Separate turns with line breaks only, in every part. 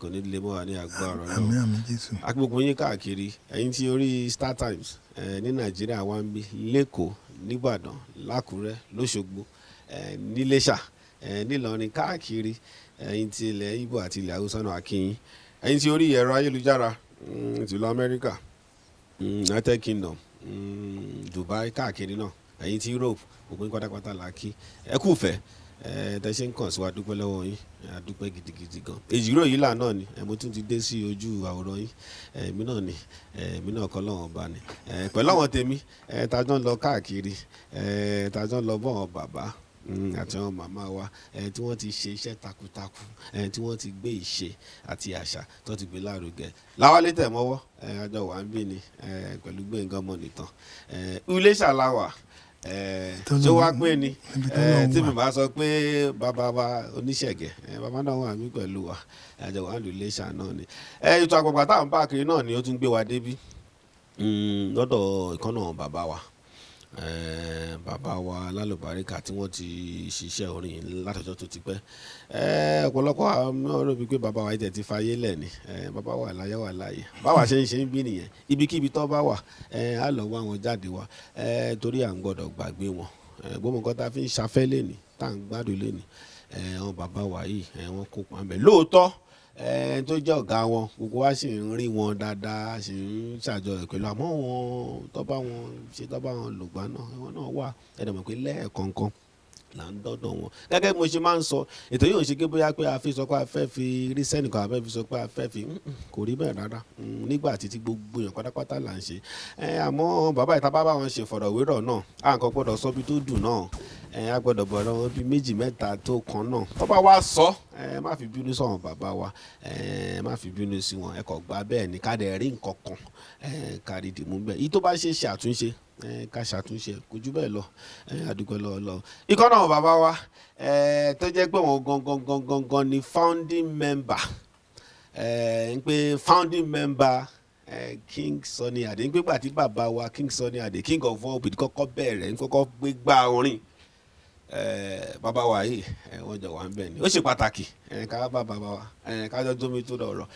kò ní lè mọ́ wa ní àgbà ọ̀rọ̀ náà àmín yín káàkiri ẹ̀yin tí orí Star Times ní Nàìjíríà wá ń bí lẹ́kọ̀ọ́ nìbàdàn lákùrẹ́ lọ́ṣogbo níléṣà nílọrin káàkiri ẹ̀yin tí ilẹ̀ Ìgbò àti ilẹ̀ Haúsá náà akínyìn ẹ̀yin tí orí ẹ̀rọ ayélujára mm, tìlú Amẹ́ríkà mm, United Kingdom mm, Dubai káàkiri náà ẹ̀yin tí Europe òpin pátápátá là á kí fẹ́ẹ́ tẹ ṣe ń kàn sí wa dúpẹ́ lọ́wọ́ yín àdúpẹ́ gidigidi gan èjìrò yìí là náà ni mo tún ti dé sí ojú àwòrán yín èmi náà ni èmi náà kọ́ lọ́wọ́n ọba ni pẹ̀lú àwọn tèmi tajọ́ ń lọ káàkiri tajọ́ ń lọ bọ́ àwọn bàbá mm, àti àwọn màmá wa tí wọ́n ti ṣe iṣẹ́ takuntakun tí wọ́n ti gbé ìṣe àti àṣà tó ti gbé lárugẹ láwálé tẹ̀ mọ́wọ́ àjọ wà ń bí ni pẹ̀lú Gbénga Ọmọnìtàn Iléṣà la tó wá pé ni tí mi bá sọ pé bàbá wa oníṣẹ̀gẹ̀ bàbá náà wà mí pẹ̀lú wa àjọ wà lù iléṣà náà ni ètò àpapọ̀ táwọn páàkiri náà ni ó tún gbé wa débí hmm, lọ́dọ̀ ìkànnà bàbá wa bàbá wa lálùbáríkà tí wọ́n ti ṣiṣẹ́ orin látọjọ́ tó ti pẹ́ ọ̀pọ̀lọpọ̀ àwọn olóbi pé bàbá wa tẹ̀tí fayé lẹ̀ ni bàbá wa láyé wà láàyè báwa ṣe ń ṣe ń bí nìyẹn ibikíbi tó bá wà á lọ wá wọn jáde wá torí à ń gbọ́dọ̀ gbàgbé wọn gbọ́mọ nǹkan tá a fi ń ṣafẹ́ lẹ́ni tá à ń gbádùn lẹ́ni àwọn bàbá wa yìí wọ́n kópa ń bẹ̀ lóòótọ́ tó jẹ́ ọ̀gá wọn gbogbo wa sì ń rí wọn dáadáa sì ń ṣàjọyọ̀ pẹ̀lú àmọ́ wọn tó bá wọn ṣe tó bá wọn lògbà náà wọn náà wà ẹ̀dọ̀ pé lẹ́ẹ̀kọ̀ọ̀kan là ń dọ́dọ̀ wọn gẹ́gẹ́ bí mo ṣe máa ń sọ ètò yìí ò ṣe bóyá pé a fi sọ pé a fẹ́ fi rí sẹ́nì kan a fẹ́ fi sọ pé a fẹ́ fi kò rí bẹ́ẹ̀ rárá mm, nígbà títí gbogbo èèyàn pátápátá là ń ṣe àmọ́ bàbá ìta bá bá wọn ṣe fọ̀rọ̀wérọ̀ náà à ń kọ́ gbọ́dọ̀ sọ́bi tó dùn náà ẹ a gbọ́dọ̀ bọ̀rọ̀ wọn bíi méjì mẹ́ta tó kan náà tó bá wá sọ ẹ má fi bínú sọ̀rọ̀ bàbá wa ẹ má fi bínú sí wọn ẹ kò gbà bẹ́ẹ̀ ni ká dẹ̀ rí nǹkan kan ẹ kárí dìmú bẹ́ẹ̀ yìí tó bá ṣe ṣe àtúnṣe ẹ ká ṣàtúnṣe kò jù bẹ́ẹ̀ lọ ẹ àdúgbò lọ lọ. ikọ́ náà bàbá wa ẹ tó jẹ́ pé wọn gangan gangan gan ni founding member ẹ ń pé founding member king Sunny Adé ń pé gbàtí bàbá wa king Sunny Adé king of all bid kọ́kọ́ bẹ̀rẹ̀ ń kọ́kọ́ gbégbá orin bàbá wa yìí wọ́n jọ wà ń bẹ̀ ni ó ṣe pàtàkì ká bá bàbá wa ká jọ tómi tó dọ̀rọ̀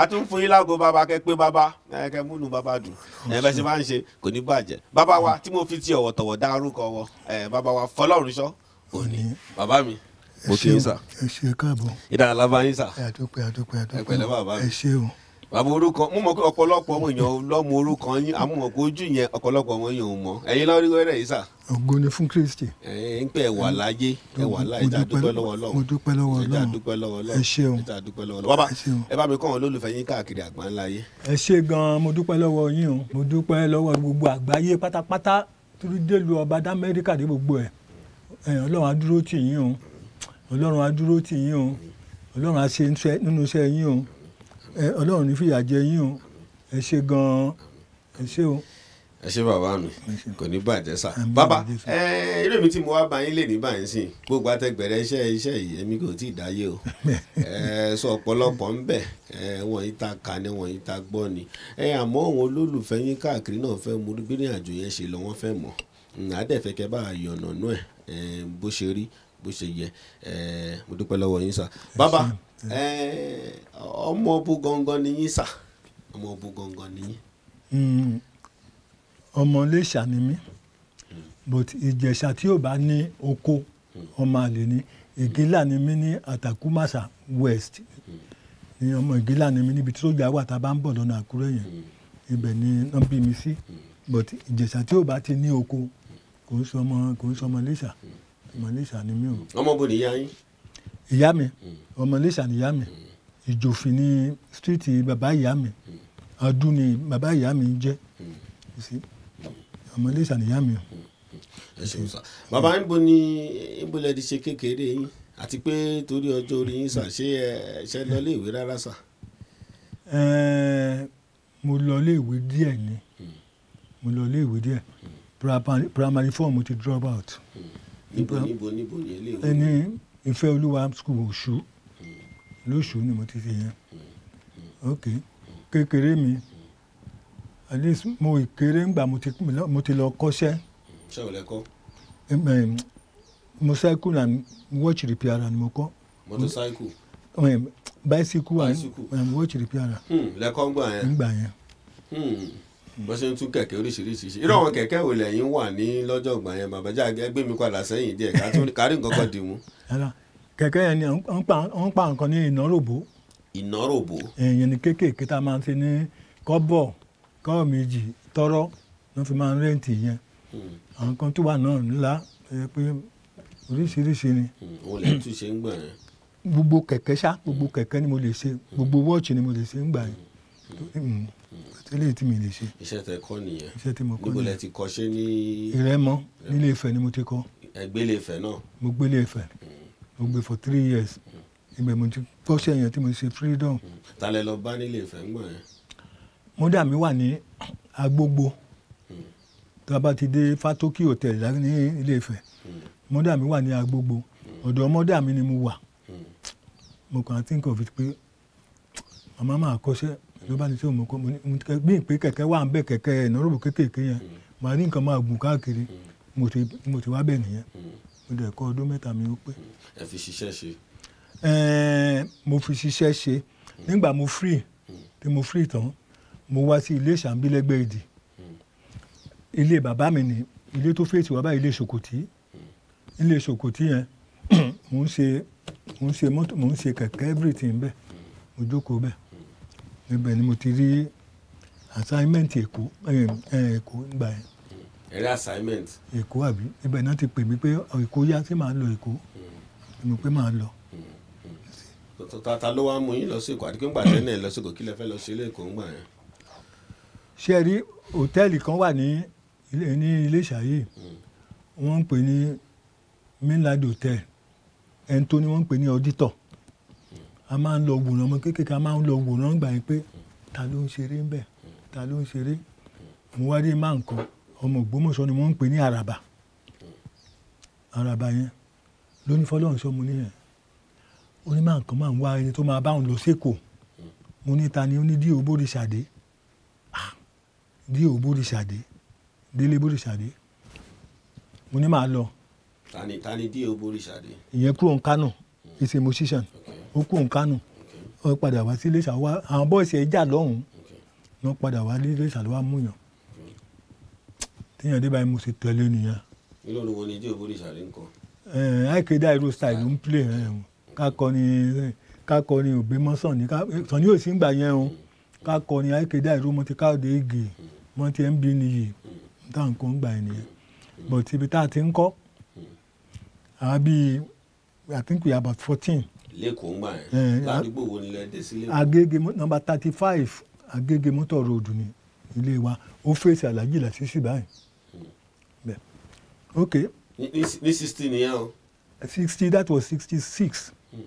a tún fún yín lágbo bàbá kẹ pé bàbá kẹ múnú bàbá dùn bẹ́ẹ̀ ṣe máa ń ṣe kò ní bàjẹ́ bàbá wa tí mo fi ti ọ̀wọ̀ tọ̀wọ̀ dárúkọ wọ bàbá wa Fọlọ́runṣọ́ òní bàbá mi
mo kí yín sà. ẹ ṣe káàbọ̀.
ìdára lábá yín sà.
ẹ àdúpẹ́ àdúpẹ́
àdúpẹ́ ẹ pẹ̀lẹ́ bàbá mi. ẹ ṣeun bàbá orúkọ mú mọ̀ pé ọ̀pọ̀lọpọ̀ ọmọ èèyàn lọ́mọ orúkọ yín àmúmọ̀ pé ojú yẹn ọ̀pọ̀lọpọ̀ ọmọ èèyàn ò mọ̀ ẹ̀yin lọ́rí wẹ́rẹ́ yìí sà.
ògo ni fún Kristi.
ẹ ń pẹ wà láyé ẹ wà láyé ìta dúpẹ́ lọ́wọ́ Ọlọ́run mo dúpẹ́ lọ́wọ́ Ọlọ́run ìta dúpẹ́ lọ́wọ́ Ọlọ́run ẹ ṣeun ìta dúpẹ́ lọ́wọ́ Ọlọ́run bàbá ẹ bá mi kọ́ àwọn olólùfẹ́ yín káàkiri àgbáńláyé.
ẹ ṣe gan-an mo dúpẹ́ lọ́wọ́ yín o mo dúpẹ́ lọ́wọ́ gbogbo àgbáyé pátápátá torí délùú ọba d'Amẹ́ríkà dé gbogbo ẹ̀ Ọlọ́run á dúró tì yín o Ọlọ́run á dúró tì yín o Ọlọ́run á ṣe nínú iṣẹ́ yín o ọlọ́run ní fìyà jẹ yín o ẹ ṣe gan-an ẹ ṣe o.
ẹ ṣe bàbá mi kò ní bàjẹ́ sà bàbá eré mi tí mo wá bá yín lè ní báyìí sìn gbogbo àtẹgbẹ̀rẹ̀ iṣẹ́ iṣẹ́ yìí èmi kò tí ì dáyé o sọ ọ̀pọ̀lọpọ̀ ń bẹ̀ wọ́n yìí ta ka ni wọ́n yìí ta gbọ́ ni àmọ́ àwọn olólùfẹ́ yín káàkiri náà fẹ́ mú bí ní àjò yẹn ṣe lọ wọ́n fẹ́ mọ̀ àdẹ̀fẹ́kẹ́ bá yọ̀nà náà bó ṣe rí bó ṣe yẹ mo dúpẹ́ lọ́wọ́ yín sà bàbá ọmọ ọbú gangan nìyí sà ọmọ ọbú gangan nìyí.
Hmm. ọmọ iléṣà ni mí hmm. but ìjẹ̀ṣà tí ò bá ní oko hmm. ọmọ àlè ni ìgílà ni mí ní àtàkùmàṣà west ni ọmọ ìgílà ni mí níbi tí sójà wà tá a bá ń bọ̀ lọ́nà àkúrẹ́ yẹn ibẹ̀ ni wọ́n bí mi sí but ìjẹ̀ṣà tí ò bá ti ní oko kò ń sọ ọmọ kò ń sọ ọmọ iléṣà ọmọ iléṣà ni mí o.
ọmọ bòde yá yín
ìyá mi ọmọ iléṣà ni ìyá mi ìjòfin ní stíìtì bàbá ìyá mi ọdún ni bàbá ìyá mi ń jẹ́ ọmọ iléṣà ni ìyá mi. ẹ ṣeun sá
bàbá níbo ni níbo lẹ ti ṣe kékeré yín àti pé torí ọjọ́ orí yín sà ṣé ẹ lọ lé ìwé rárá sà.
mo lọ lé ìwé díẹ̀ ni mo lọ lé ìwé díẹ̀ primary four ti drop out. níbo níbo níbo ni ilé ìwé ìfẹ́ olúwa school òṣù lóṣù ni mo ti ṣe yẹn ok kékeré mi at least mo kéré ńgbà mo ti lọ kọ́ṣẹ́. ṣé o lè kọ́. motorcycle and watch repair and mo kọ́. motorcycle. bicycle and watch repair.
Hmm, lẹ́kọ́ ńgbà yẹn. ńgbà yẹn. Hmm, bó ṣe ń tún kẹ̀kẹ́ oríṣiríṣi ṣe irú kẹ̀kẹ́ wo wà ní lọ́jọ́ ìgbà yẹn bàbá jáde ẹgbẹ́ mi padà sẹ́yìn díẹ̀ kárí nǹkan kan dì mú
kẹ̀kẹ́ yẹn ni wọ́n pa nǹkan ní ìnáròbó. ìnáròbó. èèyàn ni kéékèèké tá a máa ń ṣe ní kọ́bọ̀ kọ́ọ̀ méjì tọ́rọ́ ló fi máa ń rẹ́ǹtì yẹn. Hmm. àwọn kan tó wà náà ńlá ẹ pé oríṣiríṣi ni.
o hmm, lè tún ṣe ń gbà yẹn.
gbogbo kẹ̀kẹ́ ṣá hmm. gbogbo kẹ̀kẹ́ ni mo lè ṣe gbogbo wọ́ọ̀chì ni mo lè ṣe ń gbà yẹn eléyìí tí mi lè ṣe.
iṣẹ́ tẹ kọ́ nìyẹn iṣẹ́ tí mo kọ́ nìyẹn níbo lẹ ti kọ́ ṣe ní. ìrẹ́mọ nílé
Ifẹ̀ ni mo ti kọ́.
ẹ gbélé Ifẹ̀ náà.
mo gbélé Ifẹ̀ mo gbé for three years ibẹ̀ mo ti kọ́ṣẹ́ yẹn tí mo ṣe freedom.
ta lẹ lọ bá nílé ìfẹ́ ńgbọ̀n yẹn.
mo dà mí wà ní agbogbo tó a bá ti dé fatoki hotel ní ilé Ifẹ̀ mo dà mí wà ní agbogbo ọ̀dọ̀ ọmọ dà mí ni mo wà mo kàn án think of it pé màmá máa kọ́ṣẹ́ ló bá ní tí òun kọ́ mo ní bí ìpè kẹ̀kẹ́ wà ń bẹ̀ kẹ̀kẹ́ ìnáwó kékèké yẹn màá ní nǹkan máa gùn káàkiri mo ti wá bẹ̀ nìyẹn mo dẹ̀ kọ́ ọdún mẹ́ta mi ó pé.
ẹ fi ṣiṣẹ́ ṣe.
ẹẹ mo fi ṣiṣẹ́ ṣe hmm. nígbà mo free hmm. tí mo free tán mo wá sí ilé ìṣàǹbílẹ́gbẹ́ ìdì hmm. ilé bàbá mi ni ilé tó fèsì wá báyìí ilé ṣòkòtì ilé ṣòkòtì yẹn mò ń ṣe mò ń ṣe mọ́tò mò ń ṣe kẹ̀kẹ́ everything bẹ́ẹ̀ mo jókòó bẹ́ẹ̀ níbẹ̀ ni mo ti rí assignment èkó èkó nígbà yẹn
eré assignment.
èkó àbí ibẹ̀ náà ti pè mí pé èkó yá sí màá lọ èkó hmm. mo pé màá lọ.
tata hmm. hmm. ló wá mú yín lọ sí èkó àti pé ńgbà tẹ́lẹ̀ lọ sí èkó kí lẹ fẹ́ lọ sí ilé èkó ńgbà yẹn.
ṣé ẹ rí hòtẹ́ẹ̀lì kan wà ní ní Iléṣà yìí wọ́n ń pè ní mainland hotel ẹni tó ní wọ́n ń pè ní auditor a máa ń lọ wòran ọmọ kékeré a máa ń lọ wòran gbà yín pé ta ló ń ṣeré ń bẹ̀ ta ló ń ṣeré mo wá rí máa ń kan ọmọ Ògbómọ̀ṣọ́ ni wọ́n ń pè ní àràbà àràbà yẹn lóní fọlọ́run sọ mo níyẹn ó ní máa nǹkan máa ń wá ẹni tó máa bá òun lọ sékòó mo ní ta ni ó ní díò bóríṣàdé ah, díò bóríṣàdé délé bóríṣàdé mo ní máa lọ.
tani tani díò
bóríṣàdé. ìyẹn kúrò ń kánò is a musician ó kúrò ń kánò ó padà wá sí iléṣà wá àwọn bọ́ọ̀sì ẹ̀ jà lọ́hùn-ún wọ́n padà wá sí iléṣà ló wá múyàn téèyàn dé báyìí mo sì tẹ̀lé nìyẹn.
nínú ni wọn ni ijó ìbòrìṣà rẹ ń kọ.
àìkéde àìró style ló ń play kakọni kakọni òbí mọ ni sànni ni sí ń gbà yẹn o kakọni àìkéde àìró mo ti káàdé igi mo ti ń bí nìyí tá n kó ń gbà yẹn nìyẹn but ibi tá a ti ń kọ́ àwọn bíi i think we are about fourteen.
lẹ́kọ̀ọ́ ń gbà yẹn ládùúgbò wo ni lẹ́ẹ̀dẹ́ sí lẹ́kọ̀ọ́.
agége nọmba thirty five agége mọ́tò ròdù ni ilé wa ó fèsì alájì làṣìṣì báyìí okay.
ní sixty nìyẹn o.
sixty that was 66. six hmm.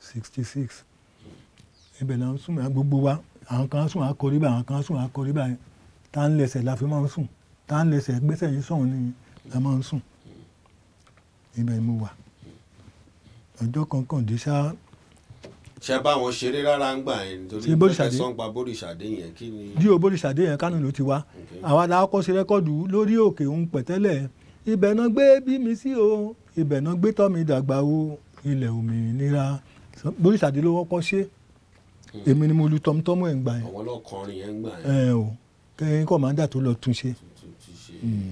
sixty six ibẹ̀ là ń gbogbo wa àwọn kan sùn akọrí báyìí àwọn kan sùn akọrí báyìí tá ń lẹsẹ̀ la fi máa ń sùn tá ń lẹsẹ̀ gbẹ́sẹ̀ yìí sọ̀hún ni la máa ń sùn ibẹ̀ mo wà ọjọ́ kankan dé ṣáá
ṣe bá wọn ṣeré rárá ń gbà yẹn nítorí ìpínlẹ̀ sọ́npa bóríṣàdé yẹn kí ni. díò
bóríṣàdé yẹn kánò ló ti wá àwa la kọ́ sí rẹ́kọ́ọ̀dù lórí òkè òun pẹ̀tẹ́lẹ̀ ibẹ̀ náà gbé bí mi sí o ibẹ̀ náà gbé tọ́ mi dàgbà o ilẹ̀ òmìnira bóríṣàdé ló wọ́pọ̀ ṣe
hmm. èmi ni
mo lu tọmtọmọ ẹ̀ ń gbà yẹn. àwọn
ọlọ́kọrin yẹn ń gbà yẹn. ẹ o
kẹrin kọ̀mándà tó lọ tún ṣe. Hmm.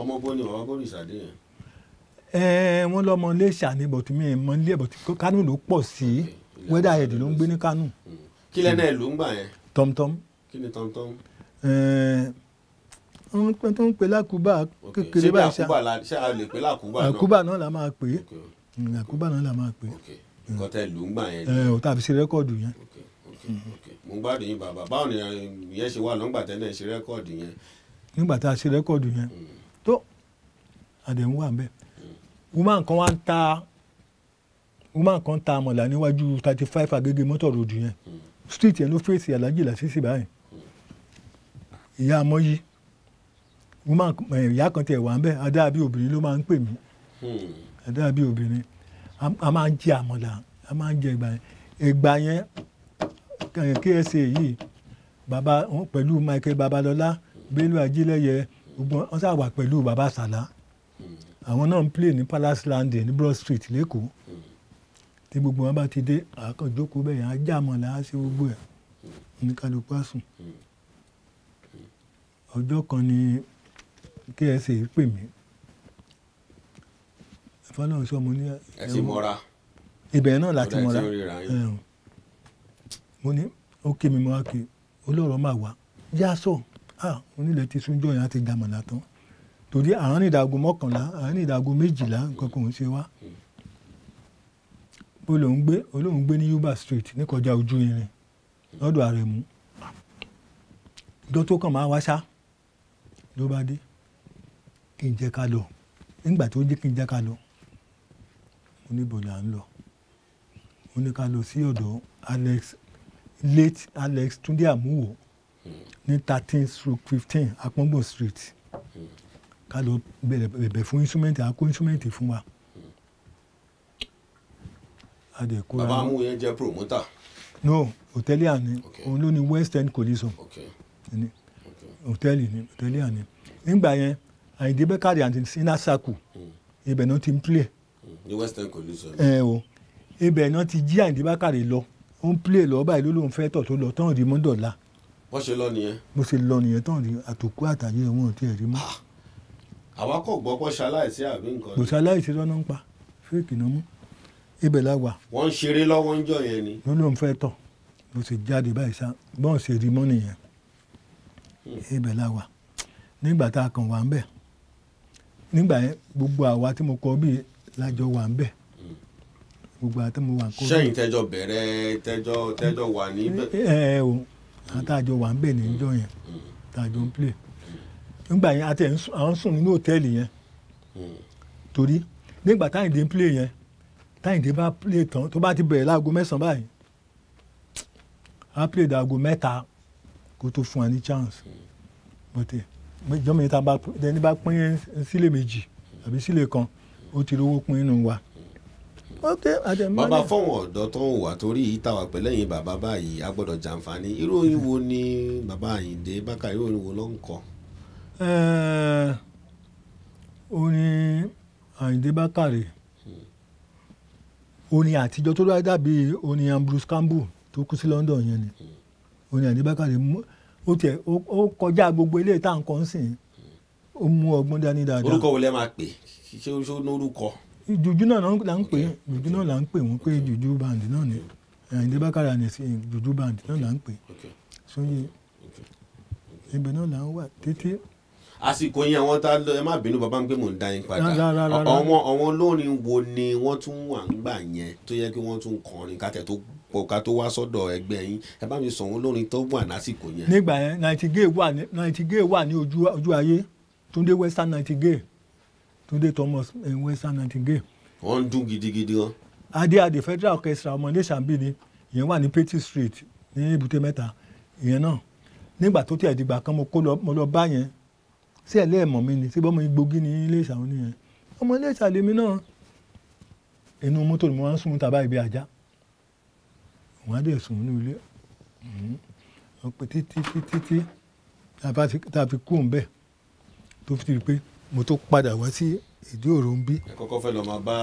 ọmọ bó ni bàbá bóríṣàdé yẹn.
ẹ wọn lọmọ ilé ṣàní bọ̀túmí ẹ̀ mọ ilé bọ̀tú kánú ló pọ̀ sí wẹ́dà ẹ̀dì ló ń gbé ní kánú. Hmm.
kí lẹ́nà ẹ̀ ló ń gbà yẹn. tọmtọm. kí ni tọmtọm
tó ń pè lákùbà kékeré báyìí ṣá
ṣé a lè pè lákùbà náà àkùbà náà la máa pè
hmm, àkùbà náà la máa pè.
nǹkan tẹ lù ń gbà yẹn. ẹ ò tàbí ṣe rẹ́kọ̀dù yẹn. mo ń gbádùn yín bàbá báwo ni eh, ìyẹn ṣe wà lọ́ngbà tẹ́lẹ̀ ṣe rẹ́kọ̀dù yẹn.
nígbà tá a ṣe rẹ́kọ̀dù yẹn hmm. tó àdéhùn wà bẹ́ẹ̀ hmm. woman kan wá ń ta woman kan ta àmọ̀là níwájú thirty five Agége mọ́tò ròdù yẹn street yẹn ló fèsì alájì làṣìṣì báyìí ìyá amọ́yí mo máa eh, ìyá kan tiẹ̀ wà ń bẹ̀ adáàbí obìnrin ló máa ń pè mí hmm. adáàbí obìnrin a máa ń jẹ àmàlà a máa ń jẹ ìgbà yẹn ìgbà yẹn KSA eh, yìí bàbá pẹ̀lú Michael Babalọ́lá Bello Ajílẹ̀yẹ gbogbo wọn sà wà pẹ̀lú bàbá Sàlá hmm. àwọn náà ń play ní Palace Landing ní Broad Street lẹ́kọ̀ọ́ hmm. tí gbogbo wọn bá ti dé àkànjókòó bẹ́ẹ̀ yẹn á jẹ àmàlà á ṣe gbogbo ẹ̀ oníkálukú á ọjọ́ kan ni. ksa pè mí fọlọ́run sọ mo ní ẹ̀rọ ibẹ̀ náà láti mọ́ra mo ní ó ké mi mọ́ra kí olóòrọ̀ máa wá yá sọ ah, ti súnjọ́ yẹn á ti gàmọ̀lá tán torí àárín ìdàgò mọ́kànlá àárín ìdàgò méjìlá nǹkan kò hmm. ń wá Yuba Street ní kọjá irin lọ́dọ̀ Àrẹ̀mú ìjọ ṣá ló bá kí n jẹ́ ká lọ nígbà tó jẹ́ kí n jẹ́ ká lọ mo ní bọ̀dà ń lọ mo ní ká lọ sí ọ̀dọ̀ Alex late Alex Túndé Àmúwò ní thirteen stroke fifteen Àpọ́ngbọ̀n street ká lọ bẹ̀rẹ̀ fún instrument a kó instrument fún wa. bàbá Àmúwò
yẹn jẹ́ promoter.
no hòtẹ́lì àní òun ló ní West End Coliseum hòtẹ́lì ni hòtẹ́lì àní nígbà yẹn. Àyìndé Bẹ́kàrè and his inner circle ibẹ̀ náà ti ń play.
Hmm. ní western collision. ẹ o
ibẹ̀ náà ti jí Àyìndé Bẹ́kàrè lọ ó ń play lọ báyìí ló lóun fẹ́ tọ̀ tó lọ tán rí mọ́ dọ̀la.
bó ṣe lọ nìyẹn.
mo ṣe lọ nìyẹn tán rí àtòkú àtàyè wọn ò tiẹ̀ rí mọ́. Ah.
àwa kò gbọ́ pọ̀ ṣaláìsí àbí nǹkan. kò
ṣaláìsí lọ́nà ń pa fíìkì náà mú ibẹ̀ la wà.
wọ́n ń ṣeré lọ́wọ́ ń jọ yẹn ni.
ló lóun fẹ́ tọ̀ mo sì jáde báyìí sá bọ́ọ̀ ṣe rí mọ́ nìyẹn hmm. ibẹ̀ la wà nígbà tá a kàn wà ń bẹ̀ nígbà yẹn gbogbo àwa tí mo kọ bíi lájọ wà ń bẹ̀ gbogbo àti mo wà ń kọ. sẹ́yìn
tẹ́jọ bẹ̀rẹ̀ tẹ́jọ tẹ́jọ wà níbẹ̀.
ẹ ẹ o àtàjọ wà ń bẹ̀ níjọ mm, yẹn mm. tàjọ ń play nígbà yẹn àti àwọn sùn nínú òtẹ́ẹ̀lì yẹn mm. torí nígbà táyìndé ń play yẹn táyìndé bá play tán tó bá ti bẹ̀rẹ̀ láago mẹ́sàn-án báyìí á play dàago mẹ́ta kó tó fún wa ní chance. Mm. Eh, ìjọ mi ta ẹni bá pín sílé méjì àbí sílé kan ó ti rówó pín inú wa. bàbá
fọwọn ọ̀dọ́ tó ń wà torí ìtawà pẹ̀lẹ́yìn bàbá báyìí a gbọ́dọ̀ jàǹfààní irú wo ni bàbá Àyìndé Bákàrè irú oyin wo ló ń kọ.
orin eh, Àyìndé Bákàrè orin àtijọ́ tó dàbí orin Ambrose Campbell tó kú sí London yẹn ni orin Àyìndé Bákàrè mú. Mm ó tiẹ̀ ó kọjá gbogbo eléyìí tá à ń kọ́ ń sìn ó mú ọgbọ́n dání dáadáa. orúkọ wo
lẹ máa pè ṣé ó lórúkọ.
jùjú náà là ń pè jùjú náà là ń pè wọ́n pé jùjú band náà ni Àyìndé Bákàrà ní sí jùjú band náà là ń pè sóyè ibẹ̀ náà là ń wà títí
àsìkò yẹn àwọn tá ẹ má bínú bàbá mi pé mò ń dá yín padà àwọn àwọn olórin wo ni wọ́n tún wà ń gbà yẹn tó yẹ kí wọ́n tún kọrin kátẹ tó pọ̀ ká tó wá sọ́dọ̀ ẹgbẹ́ yín ẹ bá mi sọ̀hún lórin tó wà lásìkò yẹn. nígbà
yẹn nightingale wà ní ojú ayé túndé western nightingale túndé thomas eh, western nightingale.
wọ́n ń dún gidigidi wọn.
adé adé federal orchestra ọmọdé sàbí ni ìyẹn wà ní petty street ní èbúté mẹ́ta ìyẹn náà nígbà tó tiẹ̀ dìgbà kan mo kó lọ mo lọ bá yẹn sí ẹ̀ lẹ́ẹ̀mọ́ mi ni síbí ọmọ igbógi ní ilé ìṣàwọn nìyẹn ọmọ ilé ìṣàlẹ̀ mi náà inú mọ́tò ni mo máa ń sún tàbá ìgbé ajá wọ́n á dẹ̀ sùn nínú ilé hmm. wọ́n pe títí títí tí tá a fi kú òun bẹ́ẹ̀ tó fi rí i pé mo tó padà wá sí ìdí òrò ń bí. ẹ
kọ́kọ́ fẹ́ lọ máa bá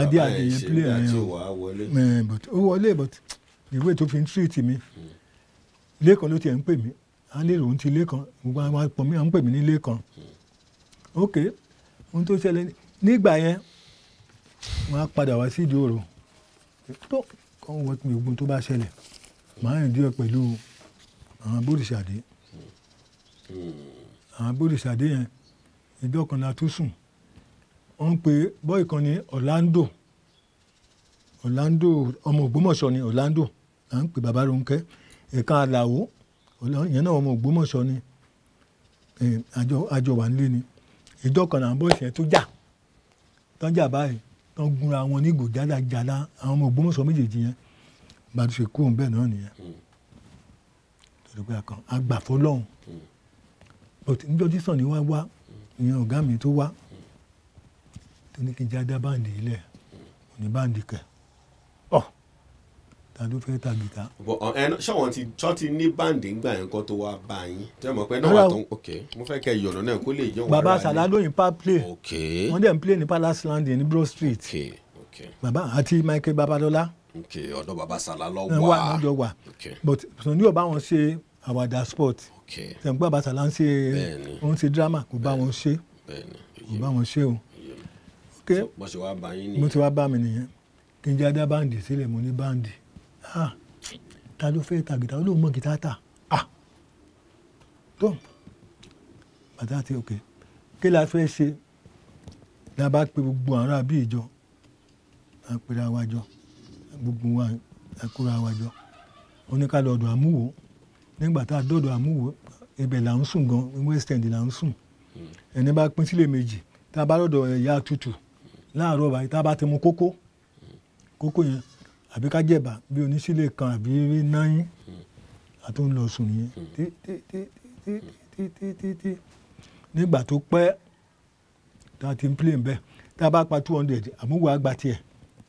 adé àdéyẹ pílẹ̀ àti ìwà wọlé.
ó wọlé but ìwé tó fi ń tírìtì mi hmm. lẹ́kàn ló tiẹ̀ ń pè mí á lè rò ó ti lẹ́kàn gbogbo àwọn apọ̀ mi à ń pè mí ní lẹ́kàn.
Hmm.
ok ohun tó ṣẹlẹ̀ nígbà yẹn wọ́n á padà wá sí ìdí òrò tó kọ́ wọ́n mi ogun tó bá ṣẹlẹ̀ màá yàn díẹ̀ pẹ̀lú àwọn bóríṣàdé àwọn bóríṣàdé yẹn ìjọ kan la tún sùn wọ́n ń pe bọ́ọ̀ì kan ní Orlando Orlando ọmọ Ògbómọ̀ṣọ́ ni Orlando à ń pè bàbá Rónkẹ́ ẹ̀ka àlàó ìyẹn náà ọmọ Ògbómọ̀ṣọ́ ni àjọ wà nílé ni ìjọ kan náà bọ́ọ̀ì yẹn tó jà tó jà báyìí tán gúnra wọn ní ìgò jádàjádá àwọn ọmọ Ògbómọ̀ṣọ́ méjèèjì yẹn bá a ti ṣe kúrò bẹ́ẹ̀ náà nìyẹn hmm. torí pé àkàn agbàfọ́ lọ́hùn hmm. but níjọ́ tí sàn ní wá wá hmm. ìyẹn ọ̀gá mi tó wá tó ní kí n jáde báǹdì ilẹ̀ òní báǹdì kẹ̀ ta ló fẹ́ ta gìtá.
Uh, ṣọ̀wọ́n ti ṣọ́ọ̀tì ní báǹdì ńgbà yẹn kó tó wá bá yín tẹ́ mọ̀ pé náà tó ń ok mo fẹ́ kẹ́ ìyọ̀nà náà kó lè yọ̀wọ̀ rẹ̀ bàbá sàládò yìí
pa play wọ́n dẹ̀ ń play ní palace landing ní Broad Street bàbá àti Michael Babalọlá.
ok ọ̀dọ̀ bàbá sàlá lọ wà wà lọ́jọ́
wà but sọ̀ni yóò bá wọn ṣe àwàdà sport tẹ̀gbọ́n bàbá sàlá ń ṣe ń ṣe drama kò bá wọn ṣe ah ta ló fẹ́ ta gìtá olóhùn mọ̀ gìtá tà ah tó bàtà àti òkè kí la fẹ́ ṣe la bá pe gbogbo ará bí ìjọ la pera wa jọ gbogbo wa la kóra wa jọ oníkàlọ́ àmúwò nígbà tá a dọ̀dọ̀ àmúwò ibẹ̀ là ń sùn gan west end là ń sùn ẹni bá pín sílẹ̀ méjì tá a bá lọ́dọ̀ ẹ̀yà tútù láàárọ̀ báyìí tá a bá ti mu kókó kókó yẹn àbí ká jẹ̀bà bí oníṣílẹ̀ kan àbí náyín àti òun lọ sùn yẹn títítítítítítítí hmm. nígbà tó pẹ́ tá a ti ń play bẹ́ẹ̀ tá a bá pa two hundred àmúwò àgbà tiẹ̀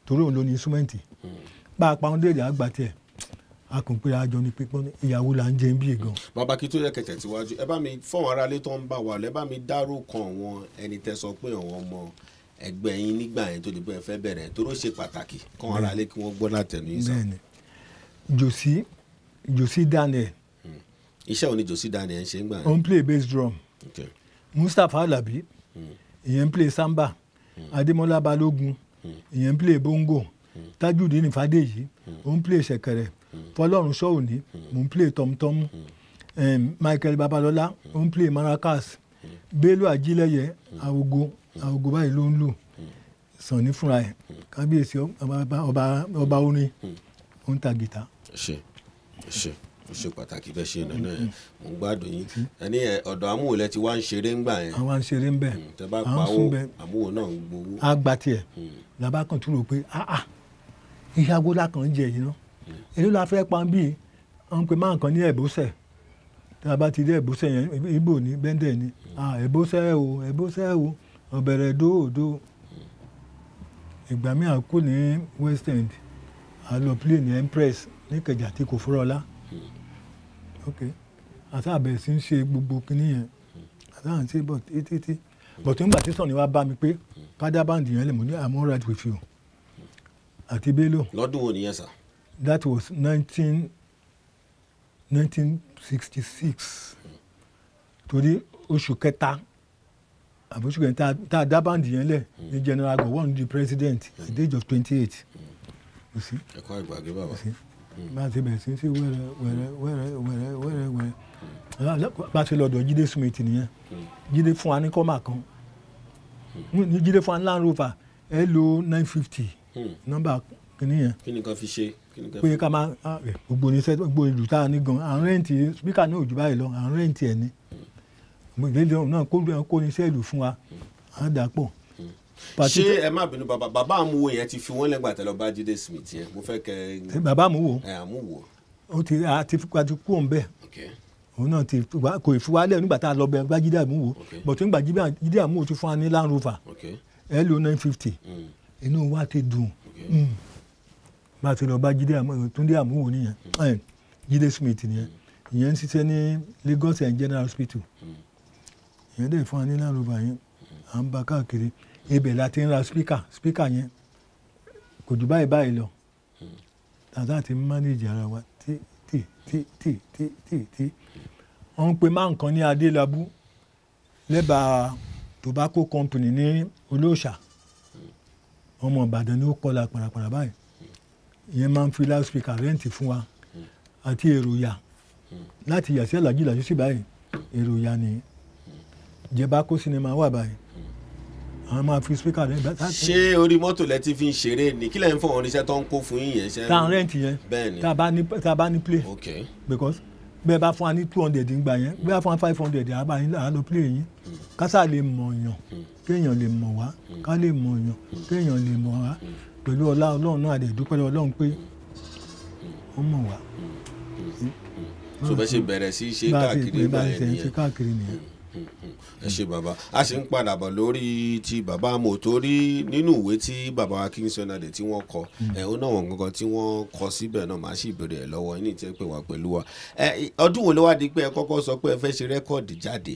torí òun ló ní súnmẹ́ǹtì hmm. bá a pa hundred àgbà tiẹ̀ a kò pé àjọ ní pípọ́n ìyàwó là ń jẹ ń bí gan.
bàbá kí tó yẹ kẹ̀tẹ̀ síwájú ẹ bá mi fọwọ́n aráalé tó ń bà wà lẹ́ bá mi dárúkọ àwọn ẹni tẹ́ sọ pé àwọn ọmọ ẹgbẹ́ yín nígbà yẹn tó di pé ẹ fẹ́ bẹ̀rẹ̀ tó ló ṣe pàtàkì kán ara lé kí wọ́n gbọ́
látẹnu yín sàn. jòsí jòsí daniel. Hmm.
iṣẹ́ òní jòsí daniel ń ṣe ń gbà yẹn. ó ń play bass drum okay.
mustapha alabi hmm. ìyẹn ń play samba hmm. adémọlá balógun ìyẹn ń play bongo tajudeen fadéyí ó ń play ṣẹ̀kẹ̀rẹ̀ fọlọ́run ṣọ́ọ̀ni mò ń play tọ́mtọ́mù michael babalọ́lá ó ń play maracas bello ajílẹ̀yẹ àwògo aago báyìí ló ń lò Sànní fúnra ẹ̀ kábíyèsí ọba orin ó ń ta gìtá. ṣe
ṣe ó ṣe pàtàkì bẹ́ẹ̀ ṣe nànà ẹ̀ mò mm-hmm. ń gbádùn yín ẹni ọ̀dọ̀ amúhò lẹ ti wá ń ṣeré
ńgbà yẹn. àwa ń ṣeré ńbẹ mm, tẹ bá pawó amúhò náà ń gbowó. a gba tiẹ̀ mm. làbá kan tún rò pé áà ah, ìyàwó ah, la kàn ń jẹ yìí náà mm. èló la fẹ́ pa bíi àwọn pè máa kàn ní ẹ̀bùsẹ̀ tí a bá ti dé ẹ̀bùsẹ̀ yẹn ibo ni bẹ́ńdẹ̀ ni ah, ẹ̀bùsẹ̀ o ẹ̀bùsẹ̀ o ọ̀bẹ̀rẹ̀ dóòdó ìgbà mi à kú ní west end à lọ plane empress ní kẹjà tí kò fúrọ́lá ok àti àbẹ̀rẹ̀ sí ń ṣe gbogbo kinní yẹn àti à ń ṣe bọ̀ títí bọ̀tí nígbà tí sọ̀ni wá bá mi pé kádà báǹdì yẹn lè mú ní i'm all right with you àti bello.
lọ́dún wo nìyẹn sà.
that was nineteen nineteen sixty six torí oṣù kẹta àbúṣùgbọ́n tá a dá báǹdì yẹn lẹ̀ hmm. ní general gowon di president at the hmm. age of twenty eight. Hmm. ẹ̀kọ́ ìgbàgbé bàbá. bá a ti bẹ̀rẹ̀ sí sí wẹ́rẹ́ wẹ́rẹ́ wẹ́rẹ́ wẹ́rẹ́ wẹ́rẹ́ wẹ́rẹ́ bá a ti lọ́dọ̀ Jídé Smith nìyẹn Jídé fún wa ní kọ́mà kan Jídé fún wa ní Land Rover lo nine fifty nọ́mbà kìnìún yẹn.
kí ni kan fi ṣe pé ká máa ah,
gbogbo ìlú tá a ní gan à ń rẹ́ǹtì spíkà náà ò jù báyìí lọ à ń rẹ́ǹtì ẹ̀ ní ìgbélé ọ̀hún náà kó lóyún kó ní sẹ́ẹ̀lù fún wa á dà pọ̀. ṣé ẹ
má bínú bàbá bàbá àmúwo yẹn ti fi wọ́n lẹ́gbàá tẹ́lọ bá Jídé Smith yẹn mo fẹ́ kẹ́. bàbá àmúwo ẹ àmúwo.
ó ti a ti fipá ti kú òun bẹ́ẹ̀ òun náà ti kò ìfiwálẹ̀ nígbà tá a lọ bẹ gba Jídé àmúwo bọ̀tú nígbà Jídé àmúwo ti fún wa ní Land Rover lo nine fifty mm. inú wa ti dùn mm. bá a ti lọ bá Jídé àmúwo Túndé àmúwo nìyẹn mm. Jídé Smith nìyẹn ìyẹn ń ṣiṣẹ́ ní Lagos and General Hospital. Mm ìyẹn dẹ̀ fún wa ní Land Rover yẹn à ń ba káàkiri ibẹ̀ la ti ń ra speaker speaker yẹn kò jù báyìí báyìí lọ tàtà ti manage ara wa tí tí tí tí tí tí tí wọ́n pe máa nǹkan ní Adélabú lẹ́bàá tobacco company ní olóòṣà ọmọ Ìbàdàn ni ó kọ́ la parapara báyìí ìyẹn máa ń fi loudspeaker rẹ́ǹtì fún wa àti èròyà láti yàtí àlàjì làjú sí báyìí èròyà nìyẹn jẹba kó sinimá wà báyìí àwọn máa fi spíkà rẹ bẹ. ṣé
orí mọ́tò lẹ ti fi ń ṣeré ni kílẹ̀ ń fọwọ́n oníṣẹ́ tó ń kó fún yín yẹn ṣe. tá à ń rẹ́ǹtì yẹn bẹ́ẹ̀ni
tá bá ní play okay. because bẹ́ẹ̀ bá fún wa ní two hundred ń gbà yẹn bẹ́ẹ̀ bá fún wa five hundred àbá yín àá lọ play yín hmm. kásá lè mọ̀ yàn hmm. kéèyàn lè mọ̀ wá hmm. ká lè mọ̀ yàn kéèyàn lè mọ̀ wá pẹ̀lú ọlá ọlọ́run náà àdè dúpẹ́ ọlọ́run pé ó mọ̀ wá.
so bẹ́ẹ̀ ṣe bẹ̀rẹ̀ sí ṣe káàkiri
ẹ ṣe bàbá a sì ń padà bọ̀ lórí ti bàbá mo torí nínú ìwé tí bàbá wa King Sunday tí wọ́n kọ hmm. ẹ̀hún náà wọ̀n gangan tí wọ́n kọ síbẹ̀ náà màá sì béèrè ẹ̀ lọ́wọ́ yín ní ìtẹ́ pé wà pẹ̀lú wa ọdún wo ló wá di pé ẹ kọ́kọ́ sọ pé ẹ fẹ́ ṣe rẹ́kọ̀dì jáde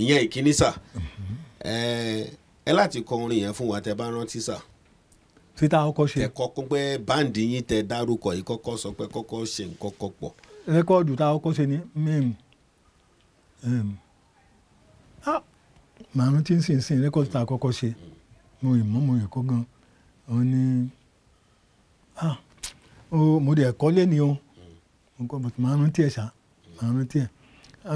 ìyẹn ìkíní sà ẹ láti kọ orin yẹn fún wa tẹ bá rántí sà títà ọkọ ṣe. ẹ kọ́kọ́ pé báǹdì yín tẹ dárúkọ yìí kọ́kọ́ sọ pé kọ́kọ́ ṣe nǹkan kọ pọ̀.
rẹ́kọ̀dù tá a kọ́kọ́ ṣe ni mẹ́rin Ah. màá rántí ń sìn sìn rékọ́dù tá a kọ́kọ́ ṣe mo rìn mọ́ mo rìn kó gan òun ni ah, mo dẹ̀ kọ́ lé o mo kọ́ bọ̀tù màá rántí ẹ̀ ṣá màá rántí ẹ̀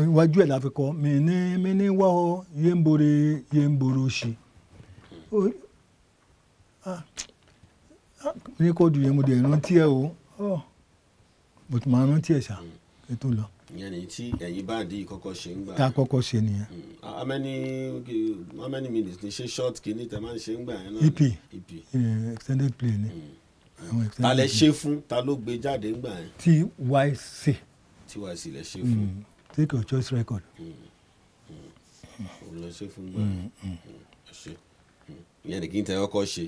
iwájú ẹ̀ la fi kọ́ mi ní mi ní wá ọ yé ń bore yé ń bore oṣì ah, rékọ́dù yẹn mo dẹ̀ rántí ẹ̀ o oh. bọ̀tù màá rántí ẹ̀ ṣá ètò lọ
ìyẹn ni tí ẹ̀yin bá di ìkọ́kọ́ ṣe ń gbà. tá a
kọ́kọ́ ṣe nìyẹn. Mm.
how many how many minutes ni ṣe short kìíní tẹ máa ń ṣe ń gbà yẹn náà. ep
ep eh, extended play ni. Mm. ta
lẹ ṣe fún ta ló gbé jáde ń gbà yẹn.
tyc.
tyc lẹ ṣe mm. fún.
take your choice record.
òun lọ ṣe fún gbà yẹn ṣe ìyẹn ni kí n tẹ ọkọ ṣe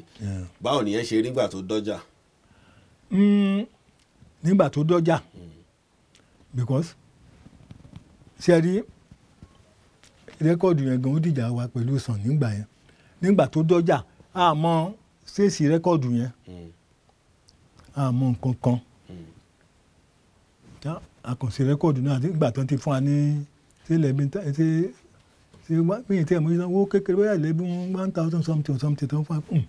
báwo nìyẹn ṣe nígbà tó dọjà.
nígbà tó dọjà because ṣe rí rẹ́kọ̀dù yẹn gan ó dìjà wa pẹ̀lú sàn nígbà yẹn nígbà tó dọ́jà àmọ́ ṣèèṣì rẹ́kọ̀dù yẹn àmọ́ hmm. nǹkan kan àkànṣe hmm. rẹ́kọ̀dù náà nígbà tó ti fún wa ní sílẹ̀ bí ṣe ṣe wá pé ìtí ẹ̀mú ìsanwó kékeré bóyá ìlẹ́bí one thousand something something tó ń fa hmm,